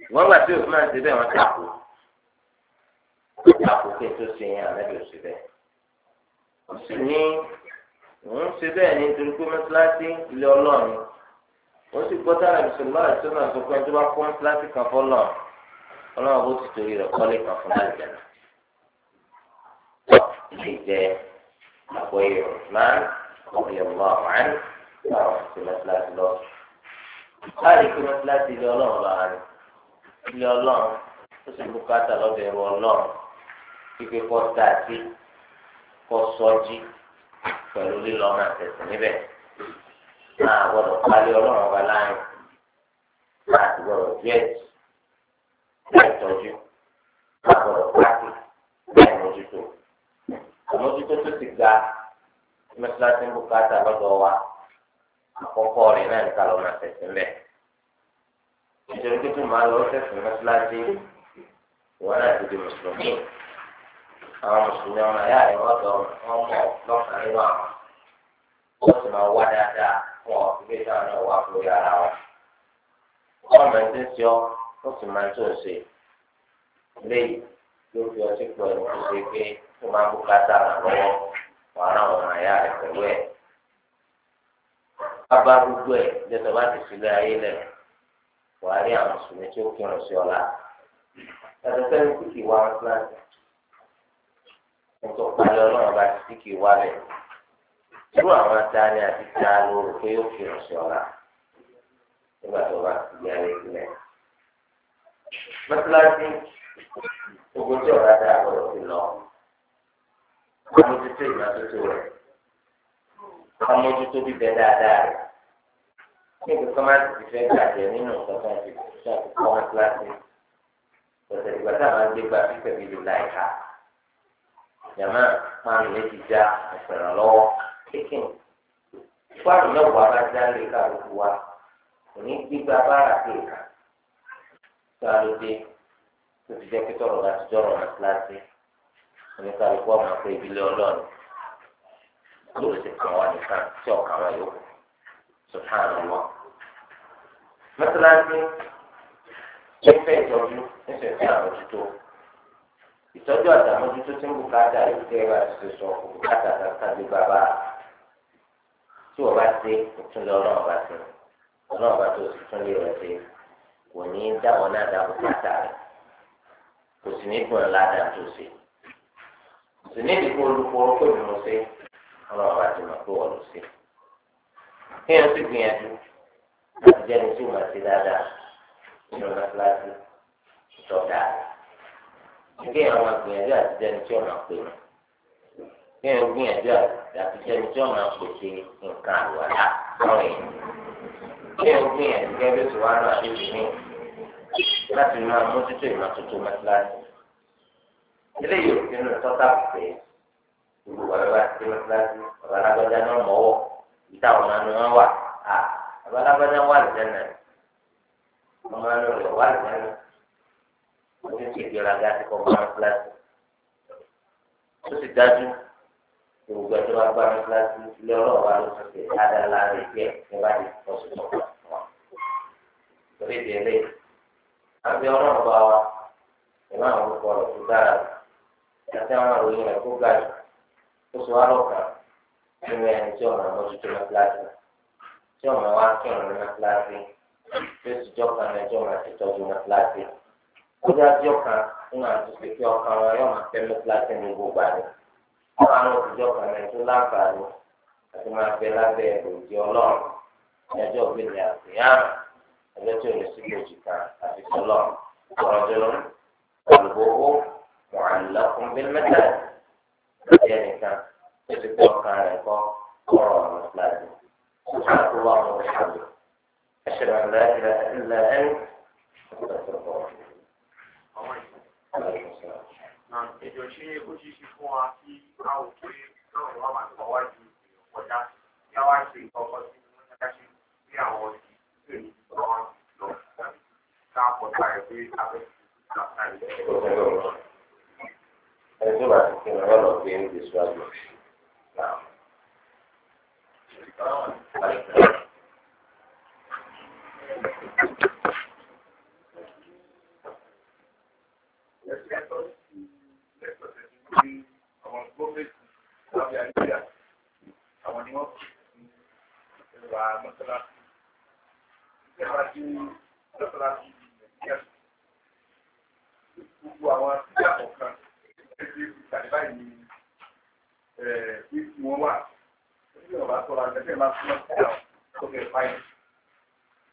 ìwọ́n gbà tí òfin máa ń ṣe bẹ́ẹ̀ wọ́n tako tako pé tó ṣe yẹn ànábì ò ṣe bẹ́ẹ̀ ó sì ní òun ṣe bẹ́ẹ̀ ní nítorí pé mọ́tíláṣí ilé ọlọ́run ó sì gbọ́ tára bisimilá àti sọ́nà àti ọkùnrin tó bá kọ́ mọ́tíláṣí kan fọ́ lọ́ọ̀ ọlọ́run bó ti torí rẹ̀ kọ́lé kan fún láìjẹ̀nà ìjẹ́ àbọ̀ Usman radiyallahu anhu táwọn ti mẹ́tíláṣí lọ. báyìí kí mẹ́tíláṣí ilé ọlọ́run lọ àárín ilé ọlọ́run ó sì mú káàtà lọ́dọ̀ ẹ̀rọ ọlọ́run kíkẹ́ kọ́ dáàtì kọ́ sọ́jí pẹ̀lú lílọ́ máa tẹ̀sán níbẹ̀ máa gbọ́dọ̀ pálí ọlọ́run ọba láàrin máa ti gbọ́dọ̀ jẹ́ ẹ̀tọ́jú máa gbọ́dọ̀ àtòmójútó tó ti ga mẹsàlásí ń bùkátà lọ́dọ̀ wa àkọ́kọ́ rẹ̀ náà ní kálọ̀ máa tẹ̀sí lẹ̀ nítorí pé tó máa lọ sẹ̀sìn mẹsàlásí ìwọ náà ti di mùsùlùmí àwọn mùsùlùmí ọmọ ẹ̀yà rẹ̀ wọ́n tọ ọmọ lọ́kàn nínú àwọn ó sì máa wá dáadáa fún ọ ilé táwọn náà wà fún yàrá wọn ọmọ ẹ̀ ti ń sọ ó sì máa tó ṣe léyìí ló fi ọtí pọ̀ ẹ̀ tó máa ń bùkátà ràn lọ́wọ́ wàá ràn wọn àyà rẹ̀ pẹ̀lú ẹ̀. bàbá gbogbo ẹ̀ jẹ́tọ̀ bá ti sílé ayé lẹ̀ wàá rí àwọn mùsùlùmí tí ó kírun sí ọ̀la. ẹ̀sìn sẹ́yìn tí kì í wá mọ́sálásí. ẹ̀sìn tó palẹ̀ ọlọ́run bá ti kì wá lẹ̀. irú àwọn atani àti ta lóru pé ó kírun sí ọ̀la nígbà tó bá ti gbé ayé sílẹ̀. mọ́sálásí ogun tí ọ̀rá dáa gbọ́dọ̀ ti lọ àmójútó ìmọ́tótó rẹ̀ àmójútó bíbẹ dáadáa rẹ̀ ní ìgbésọ́ máa ti fẹ́ gbàjẹ́ nínú nǹkan tó ń fi ṣe àkókò wọn kíláàsì ọ̀sẹ̀ ìgbà tá a máa ń gbé gbà pípẹ́ bí ló láìka yàmá máa ń méjì já ìpẹ̀rẹ̀ lọ́wọ́ kíkìn fáàrù mẹ́wàá bá já lè gbogbo wa kò ní gbígbà bára kéèkà tó a tó ti jẹ́ pé tọ̀rọ̀ láti jọ̀rọ̀ wọn kíláàsì oníkàlùkù ọmọ pé ìdílé ọlọ́run ló ti kàn wá nìkan tí ọ̀kà wọn yòókù subhanallah. mọ́tíláṣí ṣe fẹ́ ìtọ́jú nífẹ̀ẹ́ sí àmójútó ìtọ́jú àtàmójútó tí ń bùkátà ìgbẹ́ wa ti sọ bùkátà àtàkàdé bàbá tí wọ́n bá ṣe ìtúndì ọlọ́run bá ṣe ọlọ́run bá tó sì túndì rẹ̀ ṣe kò ní í dáwọn náà dá bùkátà rẹ̀ kò sì ní í sùnì ìdìbò olùkóró pé mi ò ṣe ọlọ́run bá ti mọ̀ pé wọ́n lò sí. kéèyàn sì gbìyànjú láti jẹ́ni tí màá ti dáadáa nínú mẹ́tíláṣí ìtọ́jà rẹ̀. kéèyàn máa gbìyànjú àti jẹ́ni tí ọ̀nà pè mí. kéèyàn gbìyànjú àti jẹ́ni tí ọ̀nà pèsè nǹkan àlùwàlá lọ́rẹ̀ yìí. kéèyàn gbìyànjú kẹ́bí sùwárò àti bìíní láti máa mójútó ìmọ̀tótó mẹ́tíláṣí. eléyìí òfin ló tọ́ka pé gbogbo ọ̀rẹ́wà ti wọ́n kíláàsì ọ̀bálágbájá náà mọ́wọ́ ìta ọ̀nà ni wọ́n wà á ọ̀bálágbájá wà lẹ́yìn náà ọmọ náà lọ wà lẹ́yìn náà ó ti ti ìgbéraga ti kọ́ gbọ́n kíláàsì ó sì dájú gbogbo ẹjọ́ wa gbọ́n kíláàsì ilé ọlọ́wọ́ wa ló ti ṣe àdàlà rẹ̀ díẹ̀ ní bá ti tọ́ sí ọ̀pọ̀ wọn. torí ìdí àbí ọlọ́run àti àwọn àròyìn rẹ̀ kó ga jù kó sọ àrò kan nínú ẹni tí ọmọ àmójútó náà kíláàsì tí wa kírun na kíláàsì tí ó sì jọ kan náà tí ọmọ na tọ́jú náà kíláàsì kó dájú ọ̀kan nínú àtúnṣe pé ọkàn wọn yóò máa fẹ́ náà kíláàsì ní gbogbo àná wọn àwọn òṣìṣẹ́ ọkàn náà tó láǹfààní àti máa معلق بالمساجد يعني كان يتوقع عليكم قرار المساجد سبحانك اللهم وبحمدك أشهد أن لا إله إلا أنت أستغفرك وأتوب إليك. Nan, ẹjọ́ ṣe ó ṣe ṣe fún wa kí a ò pé lọ́rùn wa máa tọ̀wá ju ọ̀dà tí a wá ṣe nǹkan ọkọ̀ sí ní wọ́n ṣe ní àwọn ọ̀sìn tí èyí lọ́wọ́ lọ. Ká pọ̀ láì pé abẹ́sí ìgbà láì lọ́wọ́. ẹni tó bá ti fi hàn lọ́nà pé ń gbèsè àgbà náà. Àwọn ni wọ́n ti wà mọ́sálásí pé ìpàdé báyìí ni bí wọ́n wà ní ọ̀bá sọ̀rọ̀ àgbẹ̀fẹ́ máa fún ọ̀sẹ̀ àwọn tó kẹ̀ fáyìn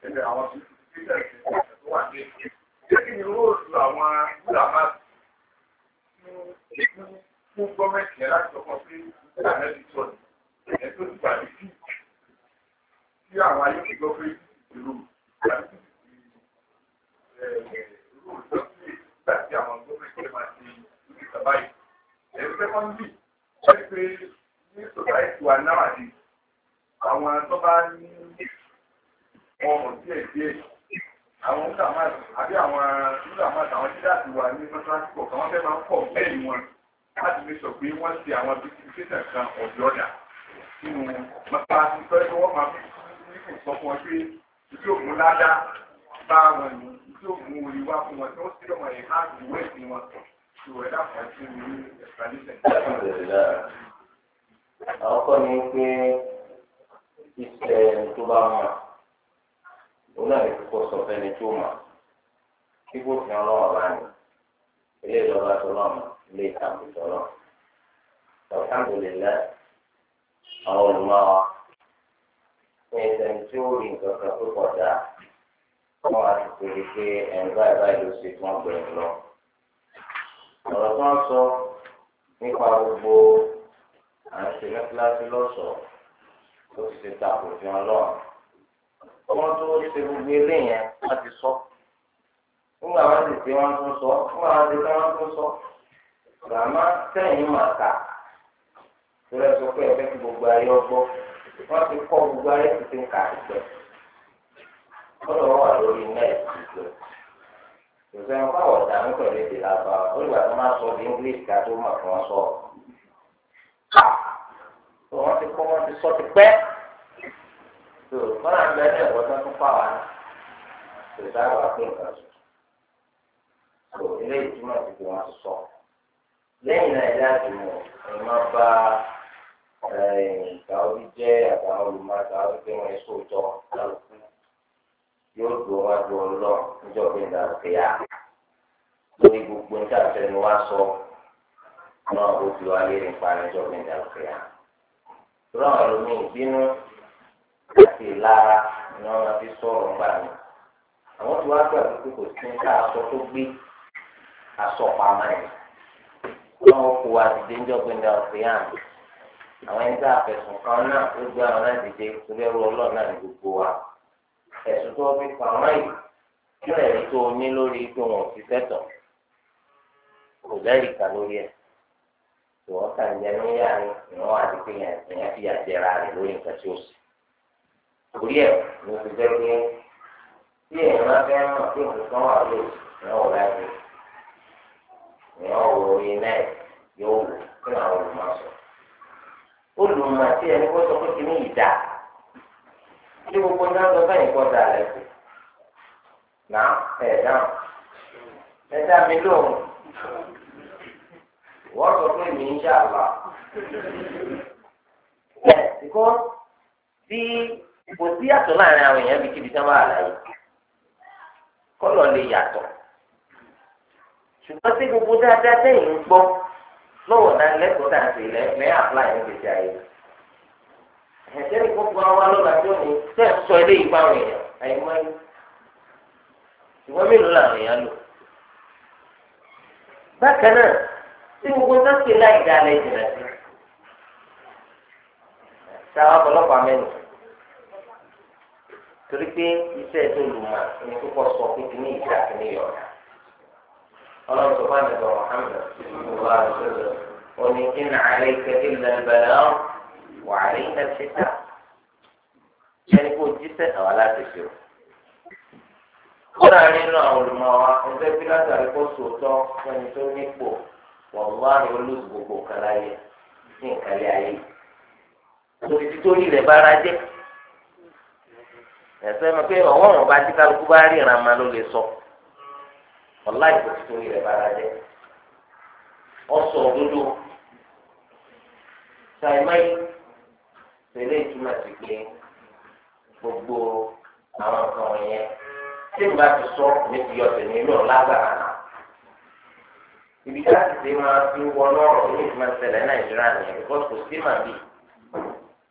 ẹgbẹ́ àwọn tó ti ṣe ìṣẹ̀lẹ̀ tó wà ní ẹ̀kẹ́ kí ni ó lu àwọn ìgbà máa fún gọ́ọ̀mẹ̀ntì yẹn láti ọkọ̀ sí ìlànà ìṣọ̀ ẹ̀ tó ti gbàgbé sí sí àwọn ayọ́kẹ́gbọ́ pé ìlú ìlú ìlú ìlú ìgbà tí àwọn gọ́ọ̀mẹ̀ntì máa ìjọba yìí ẹ̀rí sẹ́kọ́ndì wọ́n ti pé ní sọ̀tàìtì wa náà àti àwọn tó bá ní ọrùn díẹ̀ díẹ̀ àwọn nígbàmọ́ àbí àwọn nígbàmọ́ àtàwọn dídá ti wà ní mọ́tíráṣí pọ̀ kí wọ́n fẹ́ máa ń pọ̀ bẹ́ẹ̀ wọn láti fi sọ pé wọ́n ti àwọn bíkítà kan ọ̀dọ́ ọ̀dà nínú mọ́tíráṣí tó ẹgbẹ́ wọ́n máa fi nípò sọ fún wọn pé ìdí òun ládá bá wọn ìdí òun orí wá fún wọn tí wọ́n sì lọ́mọ ìhá ìwé ìsìn wọn àwọn kọ́ ni pé iṣẹ́ ẹni tó bá mọ̀ òun náà kò sọ fẹ́ni tó mọ̀ kí kò fi hàn lọ́wọ́ bá ní ilé ìjọba tó lọ́mọ ilé ìtàkùn tó lọ́mọ. alhamdulilayi àwọn olùmọ̀ọ́ ní ẹsẹ̀ni tí ó rí nǹkan kan tó kọ̀ dáa wọ́n á ti pèrè pé ẹ̀ ń báyìí báyìí ló ṣe fún ọgbẹ̀rún lọ́wọ́. ọ̀rọ̀ tó ń sọ nípa gbogbo à mẹ́tíláṣí lọ́sọ̀ọ́ ó ti ṣe ta ọlọ́run wọ́n tó ṣe gbogbo eléyẹn láti sọ nígbà wọn ti wọn tó sọ nígbà wọn ti wọn gbogbo ayé ọgbọ́ ti kọ́ gbogbo ayé ti ti ń kà lọ wà lórí ìfẹ́ wọn fáwọ̀ dànù pẹ̀lú èdè làbà ó tó máa sọ di english ká tó mọ̀ kí wọ́n sọ. tó ah! wọ́n ti kọ́ wọ́n ti sọ ti pẹ́ tó wọ́n náà ń bẹ ní ẹ̀kọ́ tó tún fà wá tó dáhùn wá pé nǹkan sùn tó ilé ìtumọ̀ ti fi wọ́n sọ. lẹ́yìn náà ilé àjùmọ̀ ẹ̀ máa bá eh, ìgbà orí jẹ́ olùmọ̀ yóò gbọ́ wájú ọlọ́ níjọ́ bí nǹkan ṣe yá lórí gbogbo nǹkan àtẹnu wá sọ náà ó fi wá lé nípa níjọ́ bí nǹkan ṣe yá. ìrọ̀ àwọn olómi ìbínú àti ìlara ni wọ́n fi sọ̀rọ̀ ńgbà mi. àwọn tí wàá gbà pé kò sí nǹkan aṣọ tó gbé aṣọ pamọ́ ẹ̀. wọ́n kó wa dìde níjọ́ bí nǹkan ṣe yá àwọn ẹni tá a fẹ̀sùn kan náà ó gbé àwọn náà dìde torí ẹrú ọlọ́ọ̀ náà ní gbogbo wa ẹ̀sùn tó fi kàn wọ́n yìí kí ẹ̀rí tó o ní lórí pé wọn ò fi fẹ́tọ̀ kò lẹ́rìí kan lórí ẹ̀ tó wọ́n kàn jẹ́ ní àárín ìwọ́n àti pé ẹ̀yàn fi àjẹrà rẹ̀ lórí nǹkan tí ó sì. torí ẹ̀ ni o ti jẹ́ pé tí èèyàn bá fẹ́ mọ̀ pé nǹkan wà lóòtù ìyẹn wò láti ìyẹn wò iná ẹ̀ yóò wò kí àwọn olùmọ̀ sọ. olùmọ̀ tí ẹni kó sọ pé kí ní ìdá tí gbogbo náà lọ sẹ́yìn kọ́ da rẹ̀ sí. Nà ẹ̀ dáhùn. Ẹ dá mi lóhùn. Wọ́n sọ pé mi ń ṣàlá. Ẹ ṣìkọ́ tí kò sí yàtọ̀ láàrin àwọn èèyàn bíi kíbi tí wọ́n bá àlàyé. Kọ́lọ̀ lè yàtọ̀. Ṣùgbọ́n tí gbogbo dáadáa sẹ́yìn ń gbọ́ lọ́wọ́ náà lẹ́kọ̀ọ́ dáa sí lẹ́yìn àpláyé ní gbèsè ayé ẹ̀jẹ̀ ní gbogbo àwọn lọ́ba tó ní tẹ̀ sọ ilé ìgbà àwọn èèyàn àyẹ̀mọ́ yìí ìwọ́n mélòó làwọn èèyàn lò. bákan náà tí gbogbo náà ṣe láì dá alẹ́ jìnnà sí. táwọn ọlọ́pàá mẹ́nu torí pé iṣẹ́ tó lù mà ní púpọ̀ sọ pé kí ní ìjà kí ní yọ̀ọ̀dà. ọlọ́run tó bá nìkan Muhammad ṣùgbọ́n wàá ṣẹlẹ̀ ó ní kí ní àlẹ́ ìkẹ́ wàhálà iná ṣẹta ẹni kò jíṣẹ́ àwọn aláṣẹṣe o. kódà nínú àwọn olùmọ̀wá ẹgbẹ́ bí látàrí kó sòótọ́ fẹ́ni tó nípò wọ́n wá ní olóògùn gbogbo kan láyé ní pé ọwọ́ wọn bá sọ ọ̀la ìkòtí tó rí rẹ̀ bára òdodo tẹ̀lé ìtumọ̀ sí pé gbogbo àwọn nǹkan wọ̀nyẹn tí n bá ti sọ níbi ọ̀sẹ̀ ní inú lágbára náà. ibi tí a ti ṣe máa fi wọ lọ́rọ̀ ní ìtumọ̀ ìṣẹ̀lẹ̀ nàìjíríà nìyẹn because kò sí màbí.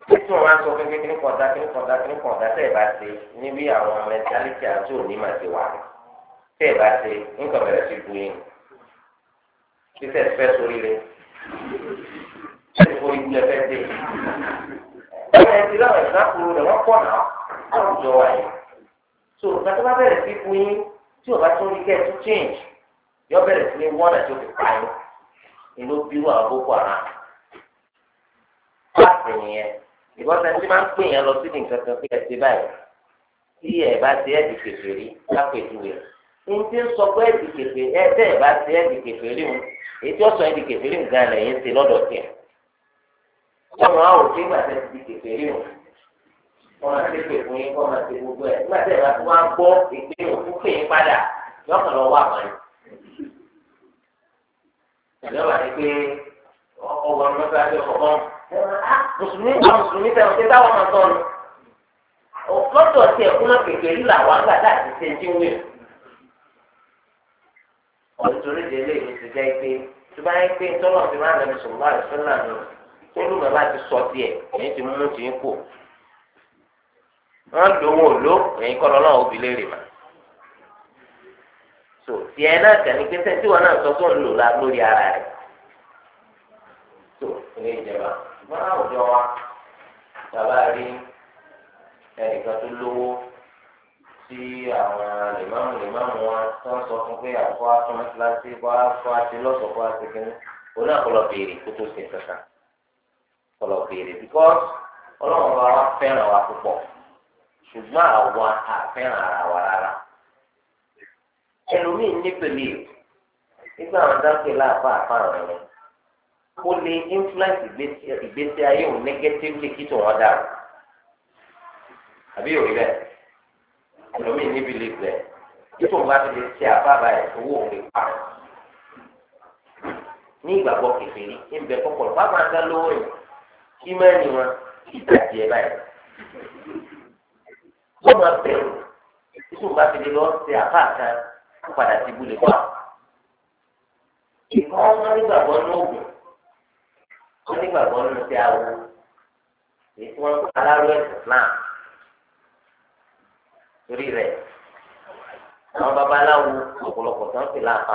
títún wọn sọ pé kíní kọ̀ọ̀dá kíní kọ̀ọ̀dá kíní kọ̀ọ̀dá tẹ̀ bá ṣe níbi àwọn mẹtálíkì àti òní máa ti wà tẹ̀ bá ṣe nǹkan bẹ̀rẹ̀ sí bu yín. títẹ̀ fẹ́ sórí rẹ̀ ṣé ìfowópamọ́ ọ̀rọ̀ ẹ̀sìn lọ́wọ́ ẹ̀sìn àkùrù rẹ̀ wọ́n pọ̀ náà àwùjọ wa yìí. so gbàtí wọ́n bẹ̀rẹ̀ sí fún yín tí ò bá tún rí kẹ́ ẹ̀ tún change yọ bẹ̀rẹ̀ sí ní wọ́n àti òfin pa yín ìlú bírú àwọn boko haram. láti nìyẹn ìbọn tẹ ti máa ń pè yẹn lọ síbi nǹkan kan pé ẹ ti báyìí tí ẹ bá ti ẹ di kèfèrí lápèjúwe ní ti ń sọ pé ẹ di kèfèrí ẹ tẹ ẹ bá ti ẹ di kèfèrí mu èyí tí sọ ẹ di ọ̀rọ̀ àwọn òfin gbà tẹ̀ ti kèké rí o ti pè yín wọ́n máa ti gbogbo ẹ̀ nígbà tẹ̀ wọ́n máa gbọ́ ìpè òkú pè é padà lọ́kàn lọ́wọ́ àwọn ẹ̀. ìjọba ni pé ọgbọ̀n mọ́tò àti ọ̀kọ̀ọ̀kan mùsùlùmí gba mùsùlùmí tẹ̀ ọ̀tẹ̀ táwọn máa tọ́nu. lọ́dọ̀ tí ẹ̀kú náà kèké rí làwọn àgbà láti ṣe ń dín wíwò. ọ̀rọ̀ ìdílé mi ti jẹ́ pé tí bá yẹ pé tọ́lọ̀ tẹ́lú bàbá ti sọ tiẹ̀ ẹ̀yin ti mú ti ń kù wọ́n lò wọ́n lò ẹ̀yin kọ́ lọ́nà òbí léèrè mà so tiẹ̀ náà kàní pé sẹ́ńtì wọn náà sọ tó ń lò lórí ara rẹ̀ so ilé ìjọba ṣùgbọ́n àwùjọ wa bàbá rí ẹnìkan tó lówó tí àwọn lèmọ́mù lèmọ́mù wa tó ń sọ fún pé àkọ́ àtúnmọ́síláṣí kọ́ àtúnmọ́síláṣí lọ́sọ̀kọ́ àti kínní onáàkọ́lọ́ béèrè kó tó ṣe kankan. kọlọ béèrè because ọlọ́run bá wa fẹ́ràn wa púpọ̀ ṣùgbọ́n àwa àfẹ́ràn ara wa rárá ẹlòmíín nípele nígbà àwọn dáńpẹ́ láàbá àfáàrọ̀ yẹn lè influence ìgbésí ayé òun negatively kí tó wọn dàrú àbí òwe bẹ́ẹ̀ ẹlòmíín kí tó wọn bá ti ṣe ẹ̀ owó òun lè pa ní ìgbàgbọ́ kékeré ń bẹ kọ́kọ́ bá máa dá lówó yìí. ìmọ̀ẹ́nì wọn ìtàjì ẹ̀ báyìí. wọ́n máa bẹ̀rù títún bá fi lè lọ ṣe àbá kan kó padà sí ibú lè pa. ìmọ̀ wọn nígbàgbọ́ ní oògùn wọn nígbàgbọ́ ní ti awo èyí tí wọ́n ń pa aláró ẹ̀sìn náà torí rẹ̀ àwọn babaláwo ọ̀pọ̀lọpọ̀ tó ń fi láàpá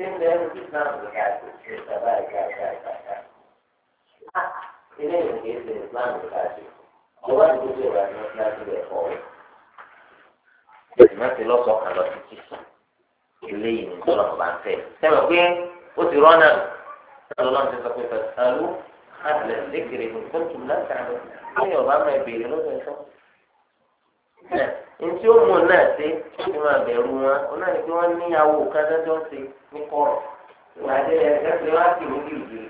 ṣé ń bẹ́ẹ̀ ní náà ní káàdì ṣe sábà ìkáàdì àìkàkà. ilé ìwé ṣe islam ní káàdì ọba ní gbogbo ìwà ní láti rẹ̀ kọ́ ọ. ìmọ̀tí lọ́sọ̀ kan lọ títí eléyìí ní tọ́lọ̀ bá ń fẹ́. sẹ́wọ̀n pé ó ti rọ́nà lọ́lọ́run ti sọ pé fẹ́ sálú àtìlẹ́sìkiri nǹkan tó láti àná. ó yọ̀ bá máa béèrè lọ́sọ̀ ntí ó mú náà ṣe ó ti máa bẹ̀rù wọn ó náà ní kí ní awo kájọ́jọ́ ṣe ní kọ́rọ̀ ìwà àdéhùn ẹgbẹ́ ṣe wá sí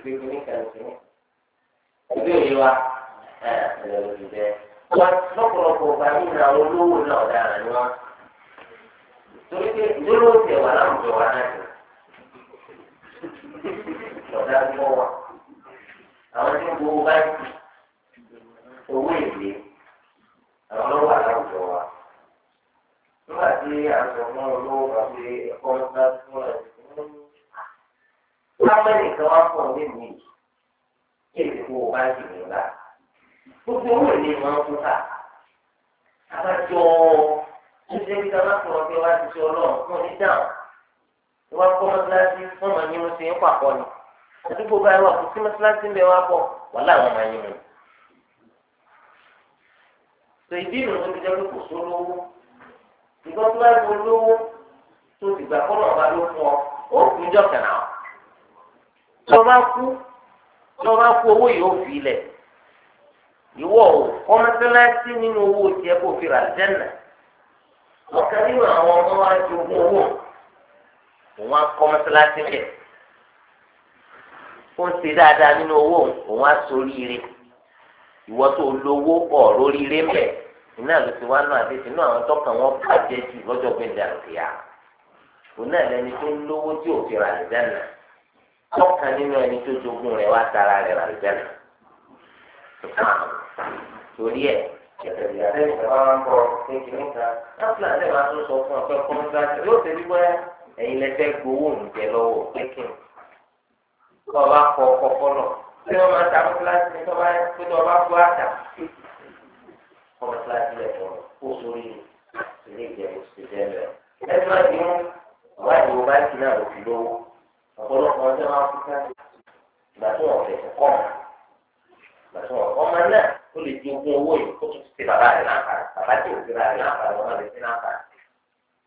pé ní kàn sí ní. ìbéèrè wa ẹ̀ ẹ̀ àwọn olówó náà ni torí pé wà láwùjọ wa náà jù àwọn tí ń àwọn lọ́wọ́ àláwùjọ wa. nígbà tí àtọ̀mọ́ olówó kan pé ẹ̀kọ́ ńlá fún ẹ̀ lábẹ́ nìkan wá pọ̀ níbi kí èdèkó báńkì nígbà. gbogbo owó ìlú ìmọ̀ ń kúta. abájọ ṣíṣe bí ká má fún ọ pé wá ti ṣe ọlọ́run fún ní dáhùn. ìwà kọ́ mọ́tíláṣí fún ọmọ yín mo ṣe ń pàpọ̀ ni. àdúgbò báyìí wà kó sí mọ́tíláṣí ń bẹ wá bọ̀ wọ́n láwọn máa yín wọn tó ìdí ìrònú ti jẹ́ kó so lówó ìgbọ́ tó bá gbó lówó tó ti gbà kọ́ lọ́ba ló fún ọ ó kú jọ kànáà tó bá kú tó bá kú owó yìí ó fi ilẹ̀ ìwọ o kọ́mọ́tẹ́lẹ́sì nínú owó tiẹ̀ kó fi rà jẹ́nà ọ̀kan nínú àwọn ọmọ wa ju owó òun á kọ́mọ́tẹ́lẹ́sì bẹ̀ ó ń ṣe dáadáa nínú owó òun á sórí ire ìwọ tó lówó ọ̀rọ̀ oríire mẹ́ iná ló ti wá nù àdéhùn inú àwọn tọkàn wọn bàjẹ́ jù lọ́jọ́ gbẹ̀dẹ̀ àkìyà òun náà lẹni tó lówó tí òfin rà lẹ́dánà tọkàn nínú ẹni tó jogún rẹ̀ wá tara rẹ̀ rà lẹ́dánà torí ẹ̀ ìgbàlódé ìjọba máa ń bọ̀ kékeré kan láti àti ẹ̀rọ àti sọ fún ọ̀pẹ kọ́ńtàkì yóò ṣe wípé ẹ̀yin lẹ́fẹ́ gbowó oúnjẹ lọ́wọ́ pékin kọ́ ọ bá kọ́ ọkọ́ fọ́nà ṣé wọ́n máa ta mọ́tíláṣí ní tọ́ba pé tí wọ́n bá fún àtà ọmọ tíláṣí rẹ̀ fún ó sórí ilé ìjẹun ti jẹ́ mẹ́rin. ẹgbẹ́ ti mú ọ̀wá ìdìbò báńkì náà ló fi lówó ọ̀pọ̀lọpọ̀ ọjọ́ máa fún ká ìgbà tí wọ́n fẹ̀ kọ́ ọ̀mà ìgbà tí wọ́n kọ́ ọmọ náà ó lè di ogún owó yìí kó tún ti bàbá rẹ̀ láǹfààní bàbá tí ò ti ra rẹ̀ láǹfààní ọmọ rẹ̀ sí láǹfààní.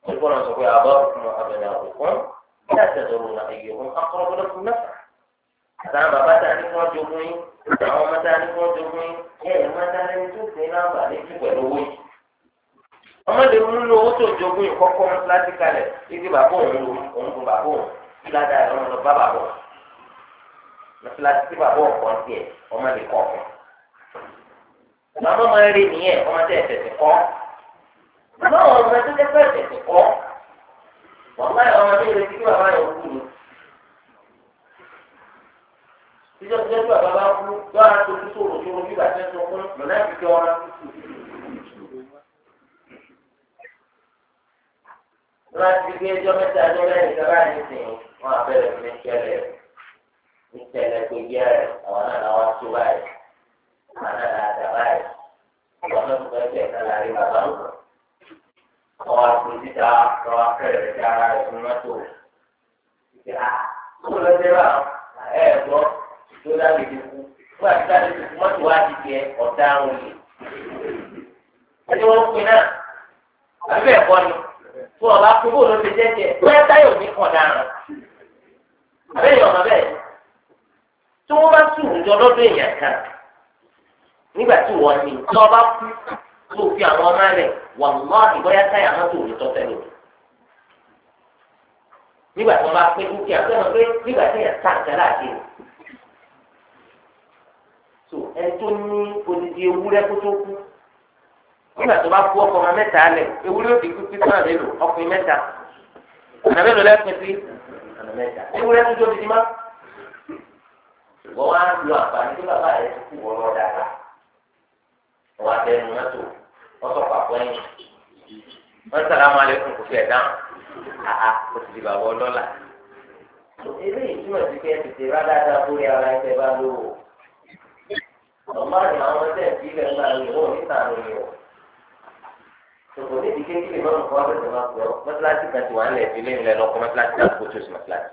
ó gbọ́dọ̀ sọ pé àbọ̀ ọ̀kùnrin ọ̀bẹ̀rẹ̀ ọ̀kùnrin àtàwọn bàbá ta ni wọ́n jogún yín àtàwọn ọmọ ta ni wọ́n jogún yín ẹ̀yìn máa ta lẹ́ni tó ṣe náà bà létí pẹ̀lú owó yìí. ọmọ lè mú lọ owó tó jogún yìí kọ́kọ́ mú láti kalẹ̀ ibi bàbá òun lu òun gun bàbá òun kí ládàá ẹ̀ lọ́nà lọ bá bàbá òun. mọ̀sálásí tí bàbá òun kàn tiẹ̀ ọmọ lè kọ́ ọ̀kan. bàbá máa rí nìyẹn ọmọ tẹ̀ tẹ̀sẹ̀ kọ́. bàbá àwọn ọmọ tó tẹ́ fẹ́ tẹ̀sẹ̀ kọ́. wọ́n tíjọ́ tíjọ́ tí bàbá bá kú yóò á tóbi sòrò sòrò bí bàtí ń sọkún lọ́nà ìfikẹ́ wọn. wọ́n á ti ẹjọ́ mẹ́ta ẹjọ́ mẹ́rin ìjọba yìí sìn wọ́n á bẹ̀rẹ̀ fún ìṣẹ̀lẹ̀ ìṣẹ̀lẹ̀ pé yẹ àwọn náà làwọn tó báyìí àwọn náà làdà báyìí àwọn náà tó bẹ́ẹ̀ bẹ́ẹ̀ láàrin bàbá lọ. àwọn àpòjìdá àwọn akẹ́rẹ̀ẹ́dá ara ẹ̀ fún mọ́tò ìgbà tó dábì ti kú fún àti dábì ti kú mọ́tò wá ti jẹ ọ̀dà àwọn yìí. ẹni wọn pin náà àbí bẹ́ẹ̀ kọ́ ni tó ọba kú bó ló ti jẹ́ jẹ bẹ́ẹ̀ táyọ̀ ní kàn dáhùn. àbẹ́yẹ ọ̀nà bẹ́ẹ̀ tí wọ́n bá tù ń jọ lọ́dún èèyàn kan nígbà tí wọ́n ní tí ọba kú tó fi àwọn ọmọ rẹ̀ wà mọ́ ìbọ́yá táyà mọ́tò òrìtọ́fẹ́ lòdì nígbà tí wọn bá pín dúkìá sọ́nà pé nígbà tí yẹn tà ń tẹ́lá àti rẹ̀ ẹ tó ní odidi ewúrẹ́ kó tó kú nígbà tó bá kú ọkọ ọmọ mẹ́ta lẹ̀ ewúrẹ́ òkè kú pé sọ̀rọ̀ mélòó ọkùnrin mẹ́ta ọ̀nà mélòó lẹ́pin sí ọ̀nà mẹ́ta ewúrẹ́ tó tó didi má. ṣùgbọ́n wọ́n á lo àǹfààní tó bàbá rẹ̀ ti kú wọ́n lọ́ọ́ dára wọ́n á bẹnu mọ́tò wọ́n sọ pàpọ̀ ẹ̀yìn wọ́n sàlámù alẹ́kùn kò fi ẹ̀ àhà kò sì di bàbá ọlọ́lá. eléyìí túmọ̀ sí pé ẹ tètè rá dáadáa bórí ara ẹ ọmọ àti àwọn ọmọ tẹ̀ sí ilẹ̀ ńlá rẹ̀ wọ́n níta rẹ̀ yọ̀. Ṣòkò ní ìdíkẹ́ kí lè má mú kọ́ ọ́sẹ̀ máa pọ̀ mọ́tíláṣí kan ti wà ń lẹ̀ sí ilé ńlẹ̀ lọ́kọ́ mọ́tíláṣí náà kó tó sí mọ́tíláṣí.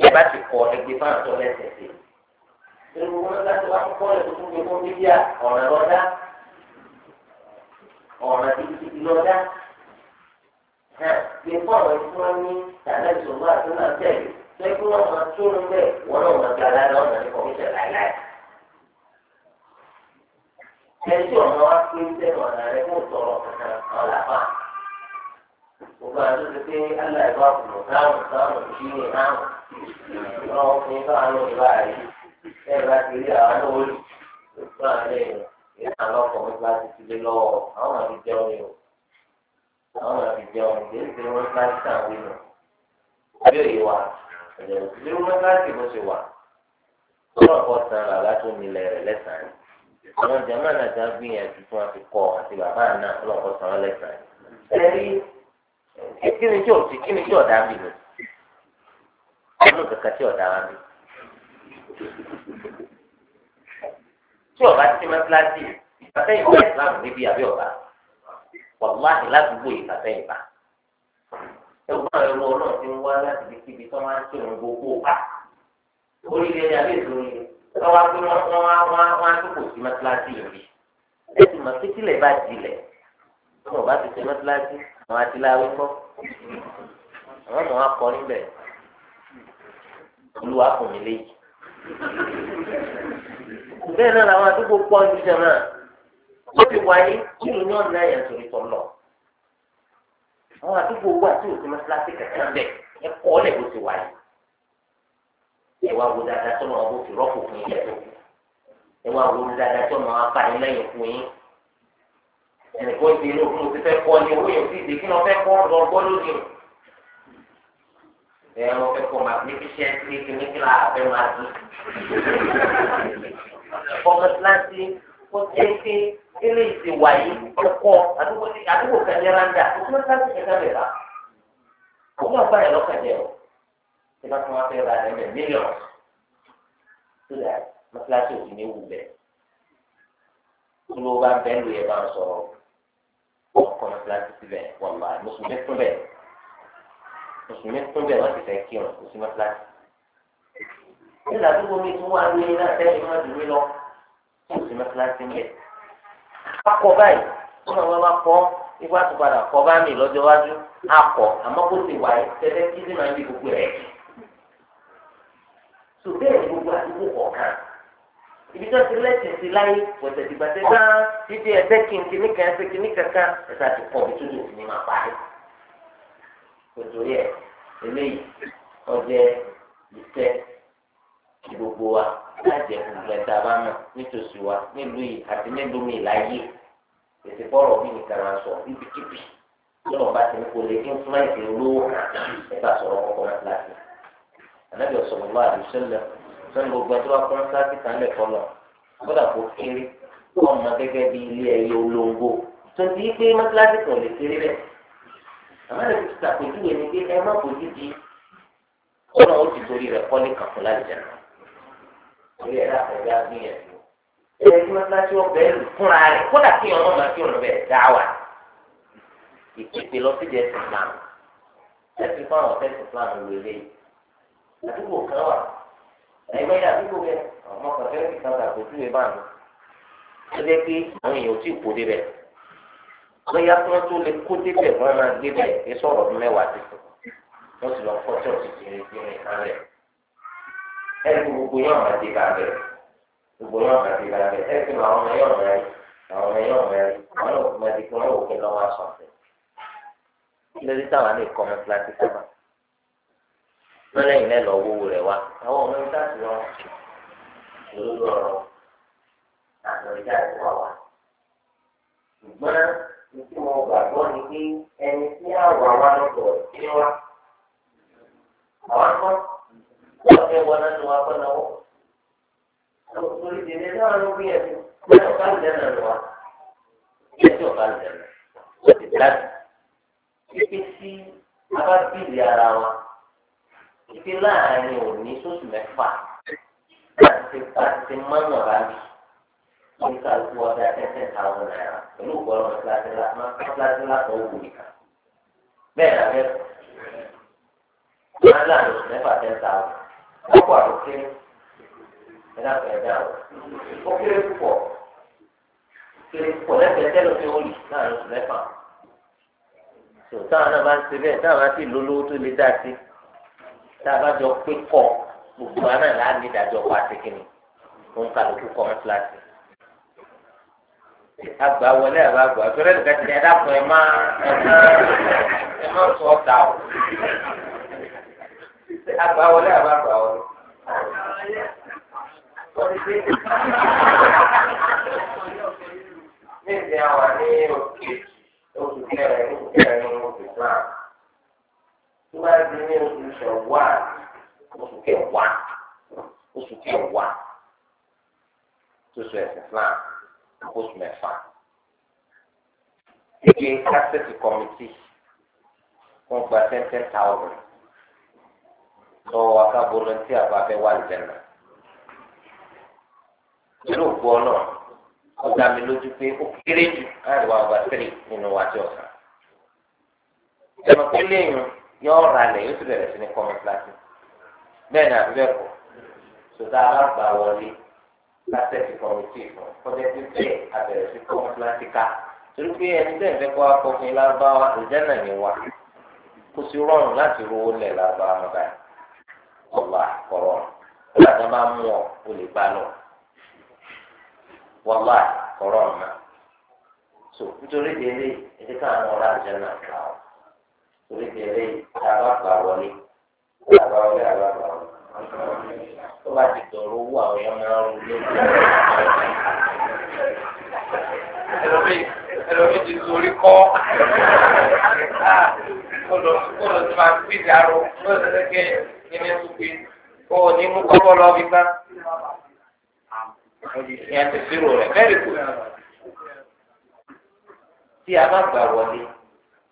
Ìyá bá ti kọ ẹgbẹ́ fáwọn tó lẹ́sẹ̀ sí. Irú mọ́tíláṣí wa ń kọ́ ẹ̀ tuntun ní fún bíbíà ọ̀ràn lọ́dá. Ọ̀ràn títí lọ́dá. Gbé fọ́ọ̀rọ̀ ìfúnná ní tàbí ẹtí ọ̀nà wa pé sẹ́nu ọ̀nà rẹ kó sọ̀rọ̀ kankan ọ̀làfà. Gbogbo àti ti pé aláìbá kùnú dáhùn dáhùn sí ní dáhùn. Ìgbà wọn fi báwa ló ní báyìí. Bẹ́ẹ̀ bá ti rí àwọn náà wọlé. Gbogbo àlẹ́ yìí ní àlọ́kọ̀ mi bá ti tilé lọ́wọ́. Àwọn àti jẹun ni o. Àwọn àti jẹun ni kì í ṣe wọn bá ti tàn wí Bí òye wa, ẹ̀jẹ̀ òsì wọn bá ti bó ṣe wà. Ó àwọn jàmbá náà ti gbìyànjú fún wa ti kọ àti bàbá àná ọlọ́kọ san án lẹ́sàn-án. ẹ̀rí kí ni tí ò sí kí ni tí ọ̀dà bì ní? ọdún kankan tí ọ̀dà wa bì. tí ọba ti máa kíláàsì ìfàsẹ́yìn bá ìsìláàmù níbi àbí ọba wàláhì ládùúgbò ìfàsẹ́yìn bá. ẹ̀gbọ́n ẹ̀rọ ọlọ́run ti ń wá láti ibi tí wọ́n á ń tó ìrìn gbogbo pa. oríire ni àbí ìṣòro yìí wọ́n wá pé wọ́n wọ́n wọ́n wọ́n á dúpọ̀ sí mọ́tíláṣí lórí ẹ ti mọ̀ pé tílẹ̀ bá dilẹ̀ wọ́n bá ti ṣe mọ́tíláṣí àwọn atiláwé kọ́ àwọn ọmọ wa kọ níbẹ̀ olúwa kò mí léyìí bẹ́ẹ̀ náà làwọn àdúgbò pọ̀ ní jẹ̀mọ́ ó ti wáyé kí ló ní ọ̀nà ẹ̀yà torí tọ̀ lọ àwọn àdúgbò wà tí ò sí mọ́tíláṣí kẹ̀kẹ́ bẹ́ẹ̀ ẹ kọ́ ọ́ lẹ̀ bó ti wáyé ẹ wá wo dáadáa tó máa bó fi rọ́pò fún yín lẹ́tọ̀ ẹ wá wo dáadáa tó máa bá yín lẹ́yìn fún yín ẹnìkan ti inú fún mi ti fẹ́ ni owó yẹn ti dè kí ni wọ́n fẹ́ lọ gbọ́ lónìí o ẹ wọ́n fẹ́ kọ́ magnificent kí ni kí la fẹ́ máa dùn ọmọ síláńtì kó jẹ́ pé eléyìí ti wà yìí ọkọ̀ àdúgbò kẹ́lẹ́rándà kó síláńtì kẹ́kẹ́ bẹ̀rẹ̀ kó má bá ẹ̀ lọ́kàn jẹ́ tí bá tún wá fẹ́ ra ẹ̀mẹ̀ mílíọ̀nù tó dà mọ́tíláṣí òfin ní wùbẹ̀ tó ló bá bẹ́ẹ̀ lóye bá ń sọ̀rọ̀ ọkọ̀ mọ́tíláṣí síbẹ̀ wọ́n máa mùsùlùmí tún bẹ̀ mùsùlùmí tún bẹ̀ wọ́n ti fẹ́ kírun kò sí mọ́tíláṣí. nígbà tó gbogbo mi tún wá ní iná sẹ́yìn mọ́ ju mí lọ kò sí mọ́tíláṣí ń bẹ̀. akọ báyìí wọn àwọn máa kọ́ ipá tó padà kọ́ bá mi lọ́jọ́ wájú akọ àmọ́ kó ti wáyé tẹ́lẹ̀ kí tó bẹ́ẹ̀ gbogbo àdúgbò kọ̀ọ̀kan ibi tó ti lẹ́sìn sí láyé pọ̀tẹ́ ìgbà tẹ́ gbá títí ẹsẹ̀ kìnkìn ní kan ẹsẹ̀ kìnkìn kankan ẹ̀sà ti pọ̀ bí tó lè fi ní máa parí. nítorí ẹ eléyìí ọjẹ ìtẹ gbogbo wa láti ẹkùn lẹ́tà bá mọ̀ nítòsí wa nílùú yìí àti nílùú mi láyé ètò bọ́ọ̀rọ̀ bí nìkan máa sọ níbikíbi lọ́wọ́ bá ti ní kò lè influence olówó ẹ̀ka sọ̀rọ̀ kọ̀ọ̀kan láti ànábì sallallahu alaihi wasallam sọ́ni gbogbo ẹjọ́ bá kọ́ sáàtì kan lẹ̀ fọlọ́ kódà kó kéré kó ọmọ gẹ́gẹ́ bí ilé ẹyẹ olóńgbò tó ti pé mọ́tíláṣí kan lè kéré bẹ́ẹ̀ àmọ́ ẹ̀rọ ti ṣàpèjúwe ni pé ẹ má fojú di ọ̀nà ó ti torí rẹ̀ kọ́ ní kàkún láìjà torí ẹ̀ láfẹ̀ẹ́ bá gbìyànjú ẹ̀ kí mọ́tíláṣí ọbẹ̀ lù fúnra rẹ̀ kódà kí ọmọ máa kí ọ̀nà bẹ̀ dá wà ìpèpè lọ sí ẹ̀sìn Islam ẹ̀sìn fún àwọn ọ̀sẹ̀ Islam lóore yìí àdúgbò kan wà ẹgbẹ́ yẹn àdúgbò bẹ́ẹ̀ ọmọ kọ̀ọ̀kẹ́rẹ́ kìkan wà àgbójú rẹ̀ báyìí ó jẹ́ pé àwọn èèyàn tí kò débẹ̀ lọ́yà tí wọ́n tó lè kó débẹ̀ wọ́n máa gbé bẹ̀ ẹ sọ̀rọ̀ ọdún mẹ́wàá ti sùn wọ́n sì lọ kọ́ ṣọ́ọ̀ṣì kiri kiri kárẹ̀ ẹ̀rù gbogbo yóò máa dé kárẹ̀ gbogbo yóò máa dé kárẹ̀ ẹ̀rù àwọn ọmọ yóò máa rí àwọn ọmọ yóò máa rí àwọn ọmọ yóò máa di kí wọ́n wò kí lọ́wọ́ àṣọ àfẹ́ kí lóri táwọn àlè kọ́ ọmọ kíláàsì sábà wọn lẹ́yìn lọ wọwọ rẹ wa àwọn ọmọ ẹgbẹ́ àti wọn lórí ọ̀rọ̀ àwọn ẹgbẹ́ àti wọn wa ṣùgbọ́n nítorí wọn gbàgbọ́ ni pé ẹni tí àwọn àwa lọ́dọ̀ sí wa àwọn akọ wọn fẹ́ wọn nánú wa kọ́ náwó lórí ìdílé náà ló bí ẹ̀sìn lẹ́yìn ọ̀gá ìdẹ́nà lọ́wọ́ lẹ́yìn ọ̀gá ìdẹ́nà lọ́wọ́ ti dá sí pípé sí abábílì ara wa ibi láàrin òní sóṣù mẹ́fà láti láti mọ́nà rábì ní kálukú ọjà tẹ́tẹ́ àwọn náírà pẹ̀lú ìgbọ́rọ̀ mọ́tíláṣí látọ̀ òwò nìkan. bẹ́ẹ̀ náà bẹ́ẹ̀ kọ́ máa láàrin oṣù mẹ́fà tẹ́tẹ́ àwọn ọkọ̀ àròkéré ẹ̀dá ẹ̀dá ó kéré púpọ̀ kéré púpọ̀ lẹ́sẹ̀ tẹ́lẹ̀ fi ó lì láàrin oṣù mẹ́fà. sọ̀tàn náà bá ń ṣe bẹ́ẹ̀ táwọn á sì lólówó tó le dá sí i tá a bá jọ pé kọ gbogbo wa náà láà ní ìdájọ́ pa àtẹkìnì òun kàlùkù kọ wọn kíláàsì agba wọlé àbá agba àtúrẹ́ nìkan ti ní ẹ̀dá fún ẹ má ẹ má sọ ọ̀tá o agba wọlé àbá agba wọlé ní ìsìn àwọn ní òkè oṣù kẹrin oṣù kẹrin oṣù kẹrin tó bá di ní oṣù ṣọ̀wá oṣù kẹwàá oṣù kẹwàá tó sọ ẹ̀sìn Islam oṣù mẹ́fà. Ege kásẹ̀tì kọ́mítì wọ́n gba ten ten thousand lọ́wọ́ aká volunteer bá fẹ́ wà lẹ́nà. Ìlú òkú ọ náà ó dá mi lójú pé ó kéré jù láàrin wa ọba three nínú wa tí ọ̀sán. Ẹ̀mọ̀ pé léyìn yọ ọ̀rọ̀ alẹ̀ yóò ti bẹ̀rẹ̀ sí ní kọ́mọ kíláàsì bẹ́ẹ̀ ni àbúrò ẹ̀kọ́ sọ̀tà alágbà wọlé lásẹ̀tì kọ̀mìtì fún kọ́jẹ́tì bẹ́ẹ̀ àbẹ̀rẹ̀ sí kọ́mọ kíláàsì ká torí pé ẹni bẹ́ẹ̀ fẹ́ kọ́ akọfin lábáwá ìjánà ni wà kó sì rọrùn láti rówó lẹ̀ lábáwá mọ́ta ọ̀gbà kọ̀rọ̀ nígbà tó bá mú ọ o lè bá lọ wàlá kọ̀rọ̀ ọ̀nà so nítorí délé ẹ̀dẹ́ká àwọn ọ̀rọ̀ àjẹnà kà torí tẹ̀lé tàbá gbà wọlé tàbá wọlé àbá gbà wọlé tó bá ti dọ̀rọ̀ owó àwọn èèyàn máa ń ronú lójú ẹlòmíì ti sori kọ́ kóòlù tó máa fi dàrú lóòótọ́ lẹ́kẹ́ nínú ìsúkú kó o ní mú kọ́kọ́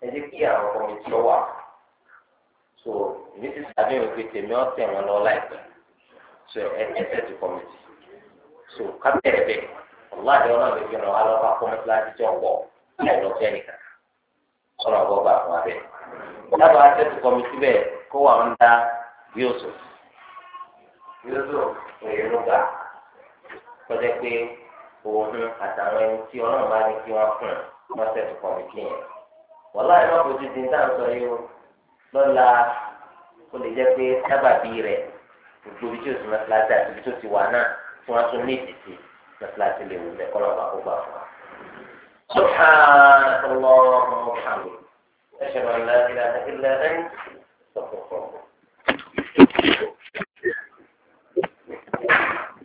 ẹ jẹ́ kí àwọn ọkọ mi tí ó wà so èmi ti sàbí òkè tèmi ọ̀sẹ̀ wọn lọ láìpẹ́ so ẹ ẹsẹ̀ ti kọ́mìtì so kábẹ́rẹ́ bẹ́ẹ̀ ọ̀làdé ọlọ́run lè fi ràn wá lọ́wọ́ akọ́mẹ́tì láti jọ pọ̀ láì lọ fẹ́ nìkan ọ̀rọ̀ ọ̀gbọ́n bá wọn abẹ́ dábàá ẹsẹ̀ ti kọ́mìtì bẹ́ẹ̀ kó wà ń dá yóòsù yóòsù òye ló gbà kọjá pé òun àtàwọn ẹni tí ọlọ́run bá ní kí wọ́n fún un wọ́n ṣètò kọ́mìtì yẹn wàlá ẹ̀ má kó ti dín táà ń sọ yìí o lọ́la kó lè jẹ́ pé sábàbí rẹ̀ gbogbo ibi tí o sì máa filasi àti ibi tó ti wà náà tí wọ́n tún ní ìdìtì máa filasi lè wù lẹ̀ kọ́ lọ́ba kó gbà fún سبحانك اللهم وبحمدك أشهد أن لا إله إلا أنت أستغفرك